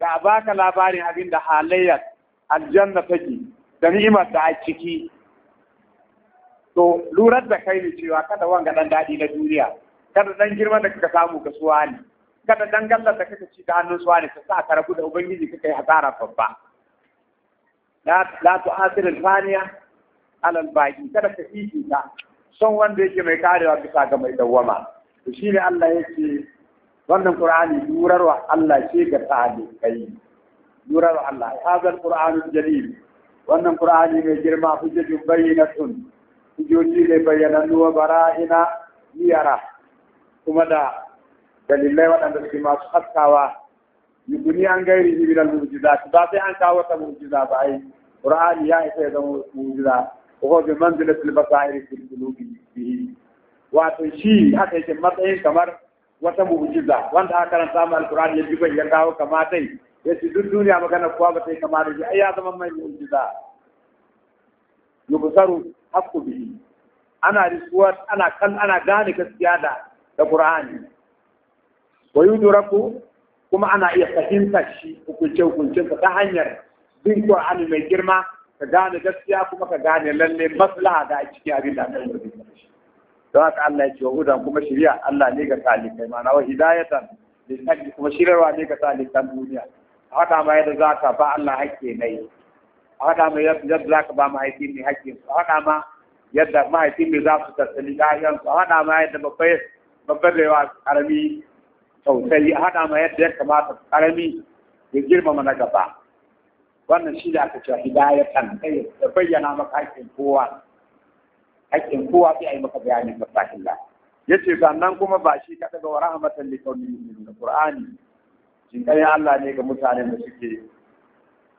ga baka labarin abin da halayyar aljanna take da ni'imar da a ciki to lurar da kai ne cewa kada wanga dan daɗi na duniya kada dan girman da kaka samu ga suwa ne kada dan gallar da kaka ci da hannun suwa ne ka sa ka rabu da ubangiji kaka yi hasara babba la tu'asir al-faniya ala al kada ka ta, son wanda yake mai karewa bisa ga mai dawwama to shine Allah yake wannan Qur'ani durarwa Allah ce ga talibai durarwa Allah hadal al jalil wannan qur'ani mai girma bayyana sun hujjoji ne bayyanannu wa ina liyara kuma da dalilai waɗanda suke masu haskawa yi guni an gairi jibi da mu'jiza ba sai an kawo ta mu'jiza ba ai qur'ani ya isa ya zama mu'jiza ko bi manzilatil basairi iri qulubi bihi wato shi haka yake matsayin kamar wata mu'jiza wanda aka karanta ma alqur'ani ya ji ya kawo kamatai ya duk duniya magana kowa ba ta yi kama da shi ai ya zama mai mu'jiza yubsaru haqqu bihi ana risuwa ana kan ana gane gaskiya da da qur'ani wa kuma ana iya fahimta shi hukunce hukuncinsa ta hanyar bin qur'ani mai girma ka gane gaskiya kuma ka gane lalle maslaha da a cikin abin da aka yi don haka Allah ya ce wa hudan kuma shirya Allah ne ga talibai ma'ana wa hidayatan da kuma shirarwa ne ga talibai duniya a haɗa ma yadda za ba Allah hakke na yi a haɗa ma yadda za ka ba mahaifin ne hakke su a haɗa ma yadda mahaifin ne za su tattali ɗayan su a haɗa ma yadda babbar babbar da yawa ƙarami tausayi a haɗa ma yadda ya kamata ƙarami ya girmama na gaba wannan shi da aka cewa hidayatan kai da bayyana maka hakkin kowa hakkin kowa sai a yi maka bayanin masahilla yace sannan kuma ba shi ka ga wa rahmatan li qaumin qur'ani jinkarin Allah ne ga mutanen da suke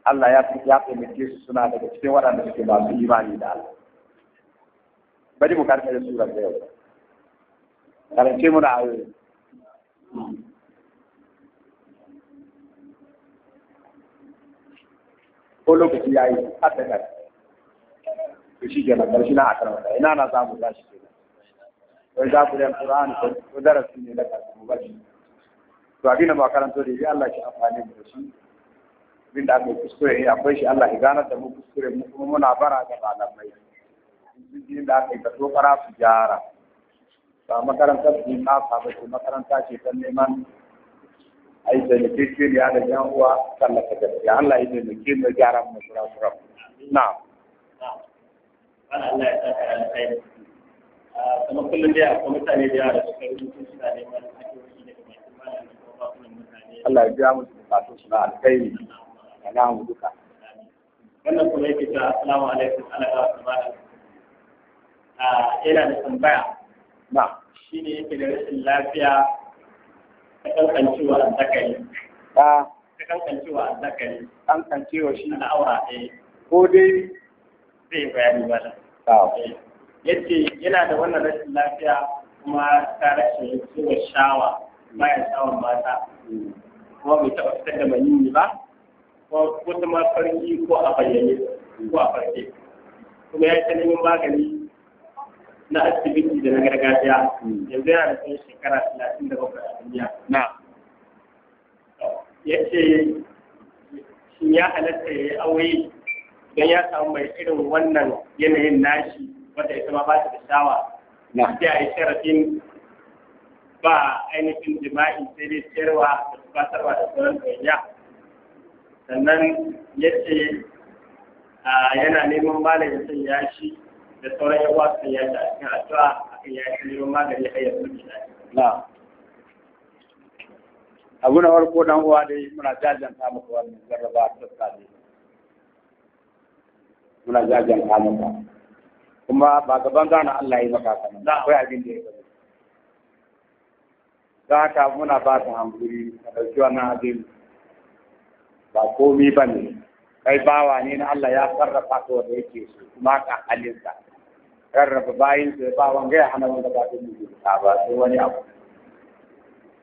Allah ya ya taimake su suna daga cikin waɗanda suke masu imani da Allah bari mu karfe da surar da yau karance mu da ayoyi ko lokaci ya yi har da kai to shi kenan karshe na a karanta ina na za mu tashi kenan wai za ku da Qur'ani ko darasi ne na karatu ba shi to abin da ba karanto da shi Allah shi amfani da shi abin da aka yi kuskure ne akwai shi Allah ya ganar da mu kuskure mu kuma muna bara ga malamai in da aka yi ka so fara su gyara ba makarantar su na saba ce makaranta ce ta neman a yi taimakeke ne da yan uwa tallata gaskiya Allah ya taimake mu gyara mu shura shura na Allah ya saka alkhairi ah, kuma kullum dai akwai mutane da yara da suka rubuta suna neman Allah ya biya musu bukatun su na alkhairi Na namu duka wannan kuma yake ta assalamu alaikum ana ga wasu malam ah, yana da tambaya na shi ne yake da rashin lafiya ta kankancewa a zakari ta kankancewa a zakari kankancewa shi na aura ɗaya ko dai zai bayani ba da eh, yace yana da wannan rashin lafiya kuma ta rashin ciwon shawa bayan shawon mata hmm. kuma bai taɓa fitar da maniyyi ba ko kuma ma farki ko a bayyane ko a farke kuma ya yi ta neman magani na asibiti da na gargajiya yanzu yana da tsawon shekara talatin da bakwai a duniya na ya ce shin ya halatta ya yi aure don ya samu mai irin wannan yanayin nashi wanda ya ma ba shi da shawa na a yi sharafin ba ainihin jima'i sai dai sayarwa da ba da sauran sannan ya ce yana neman malam ya shi da sauran yawa su ya yi a cikin addu'a ya shi neman magani har ya sauke na abu na farko dan uwa dai muna jajanta maka wannan jarraba ta muna jajanta maka kuma ba gaban gana Allah ya maka kana akwai abin da ya bari don ka muna ba ta hankuri a ɗauki wannan abin ba komi ba ne kai bawa ne na Allah ya sarrafa ta wanda yake su kuma ka halinsa rarraba bayin su ba wanga ya hana wanda ba ta mutu ta ba sai wani abu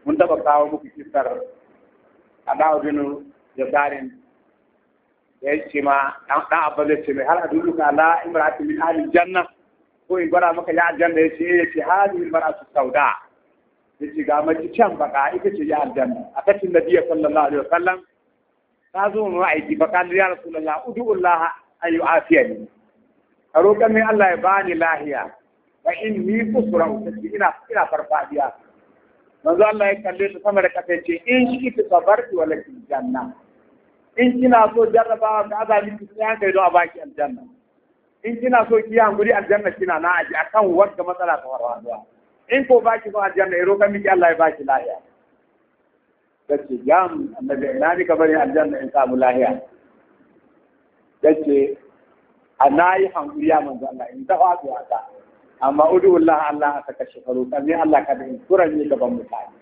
mun taɓa kawo muku kisar Alauddin Jabarin da ya ce ma ɗan abba zai ce mai har a duka ala imra'atin min ahli janna ko in gwada maka ya janna ya ce eh, ya ce hadhihi al-mar'atu sauda yace ga mace can baka ita ce ya aljanna a kacin biya sallallahu alaihi wasallam ta zo mu aiki baka ya rasulullah ud'ullaha an yu'afiyani a roƙar min Allah ya bani lahiya wa in ni kusura utaci ina ina farfadiya manzo Allah ya kalle ta sama da kafa ce in shi ki sabarti wa laki janna in kina so jarrabawa ka azabi ki sai an kai don a baki aljanna in kina so ki hankuri aljanna kina na aji akan wanda matsala ta warwa in ko baki ba aljanna ero kan miki Allah ya baki lahiya tace jam annabi ina ni ka bari aljanna in samu lahiya tace anayi yi man ya Allah in ta faɗi ta amma udu Allah Allah ta kashe faru kan ni Allah ka in kura ni gaban mutane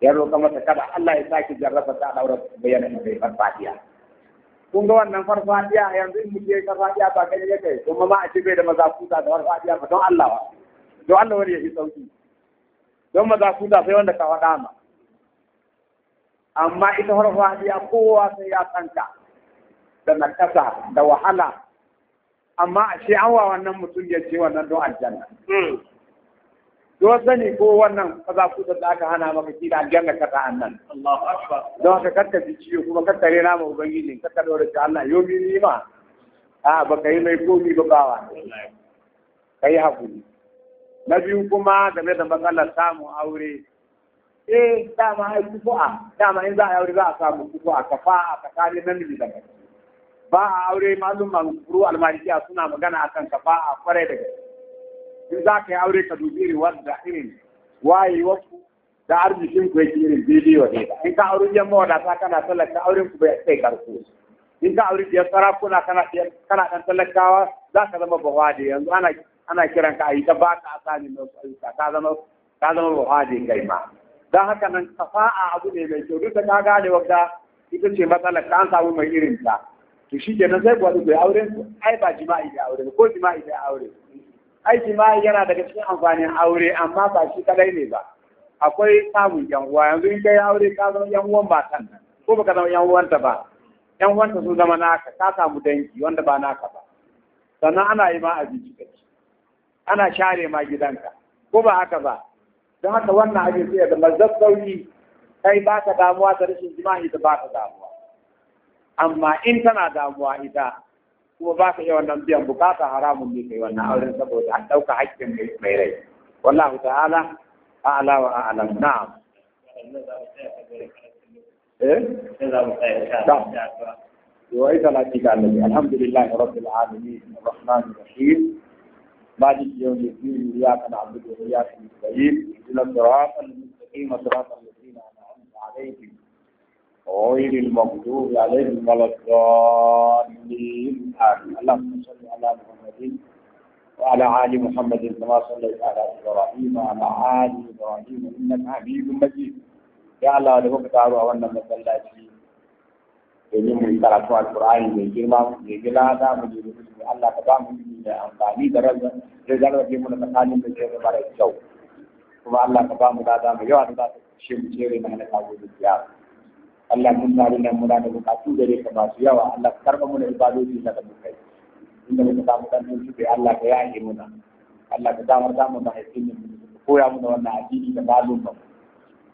ya roƙa mata kada Allah ya saki jarraba ta daura bayyana bai farfadiya kun ga wannan farfadiya yanzu in mu ya farfadiya ba kai ne kai kuma ma a ce bai da maza kuta da farfadiya ba don Allah ba don Allah wani ya yi sauki don maza su da sai wanda ka faɗa ma amma ita ya kowa sai ya santa da nakasa da wahala amma a ce an wa wannan mutum ya ce wannan don aljanna hmm. don sani ko wannan kaza ku da aka hana maka kila aljanna ka ta annan don haka karka ji ciwo kuma karka rena ma ubangiji karka dora ta Allah yomi ni ma a baka yi mai komi ba bawa kai hakuri na biyu kuma game da matsalar samun aure eh dama ai kufu'a dama in za a aure za a samu kafa a tsakanin namiji da mace ba a aure malum malukuru almajiya suna magana akan a kwarai da gaske in za ka yi aure ka dubi irin wadda irin ku da arzikin ku yake irin bidiyo ne ba in ka aure yan mawadata kana talaka auren ku bai kai karko in ka aure biyar sarakuna kana kana dan talakawa za ka zama bawa da yanzu ana ana kiran ka ayi ta ka asali mai ayyuka ka zama ka zama buhari kai ma don haka nan kafa'a abu ne mai kyau duka ka gane wanda ita ce matsalar ka an samu mai irin ta to shi nan sai gwada bai auren su ai ba jima'i da aure ko jima'i da aure ai jima'i yana daga cikin amfanin aure amma ba shi kadai ne ba akwai samun yan uwa yanzu in kai aure ka zama yan uwan matan nan ko baka zama yan ta ba yan ta sun zama naka ka samu dangi wanda ba naka ba sannan ana yi ma abinci kai ana share ma gidanka ko ba haka ba don haka wannan abin sai da mazzar sauri kai ba ta damuwa da rashin jima'i da ba ta damuwa amma in tana damuwa ita kuma ba ka yi wannan biyan bukata haramun ne kai wannan auren saboda an ɗauka haƙƙin mai rai wallahu ta'ala a'ala wa a'lam na'am eh da wa ita la tika alhamdulillahi rabbil alamin arrahmanir rahim مالك يوم الدين إياك نعبد وإياك نستعين اهدنا الصراط المستقيم صراط الذين أنعمت عليهم غير المغضوب عليهم ولا الضالين آمين اللهم صل على محمد وعلى آل محمد كما صليت على إبراهيم وعلى آل إبراهيم إنك حميد مجيد يا الله لو كتاب أولنا مسلاتي yi karatu alkur'ani mai girma mai gila da mu je mu Allah ka ba mu da amfani da razzar da zarrafe mu da tsakanin da zai mara kyau kuma Allah ka ba mu da mu yawa da za ta shi mu cere na hana kawo da kiyar Allah mun tsari nan muna da bukatu gare ka masu yawa Allah ka karba mu da ibadoci da ka mukai inda muka samu dan tun shi Allah ka yaye muna Allah ka damar da mu da haifin mu koya mu da wannan addini da malum ba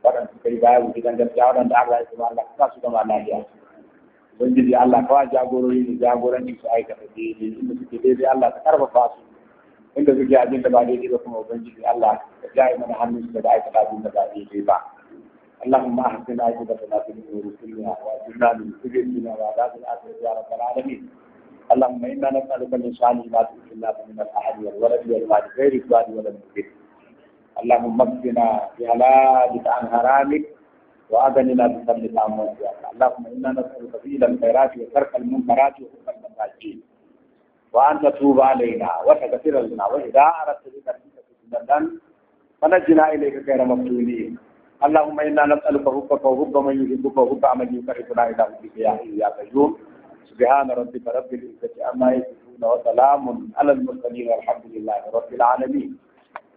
wadanda suka yi baya wuce dan gaskiya wadanda Allah ya kuma Allah ka su gama lafiya ubangiji Allah kawa jagorori ne jagoranci su aikata daidai inda suke daidai Allah ta karfafa su inda suke abin da ba daidai ba kuma ubangiji Allah ka jaye mana hannun su daga aikata abin da ba daidai ba اللهم احسن عاقبتنا في الامور كلها واجعلنا من كل دين وعذاب الاخره يا رب العالمين اللهم انا نسالك من شان ما تكلنا من الاحد والولد والمال غير الزاد ولا المكر اللهم اكفنا بهلاك عن حرامك وأغننا بفضلك عما سواك اللهم إنا نسألك فعل الخيرات وترك المنكرات وحب المساجين وأن تتوب علينا وتغفر لنا وإذا أردت بك فتنة فنجنا إليك غير مفتونين اللهم إنا نسألك حبك وحب من يحبك وحب من يكرهنا إلى حبك يا حي يا قيوم سبحان ربك رب العزة عما يصفون وسلام على المرسلين والحمد لله رب العالمين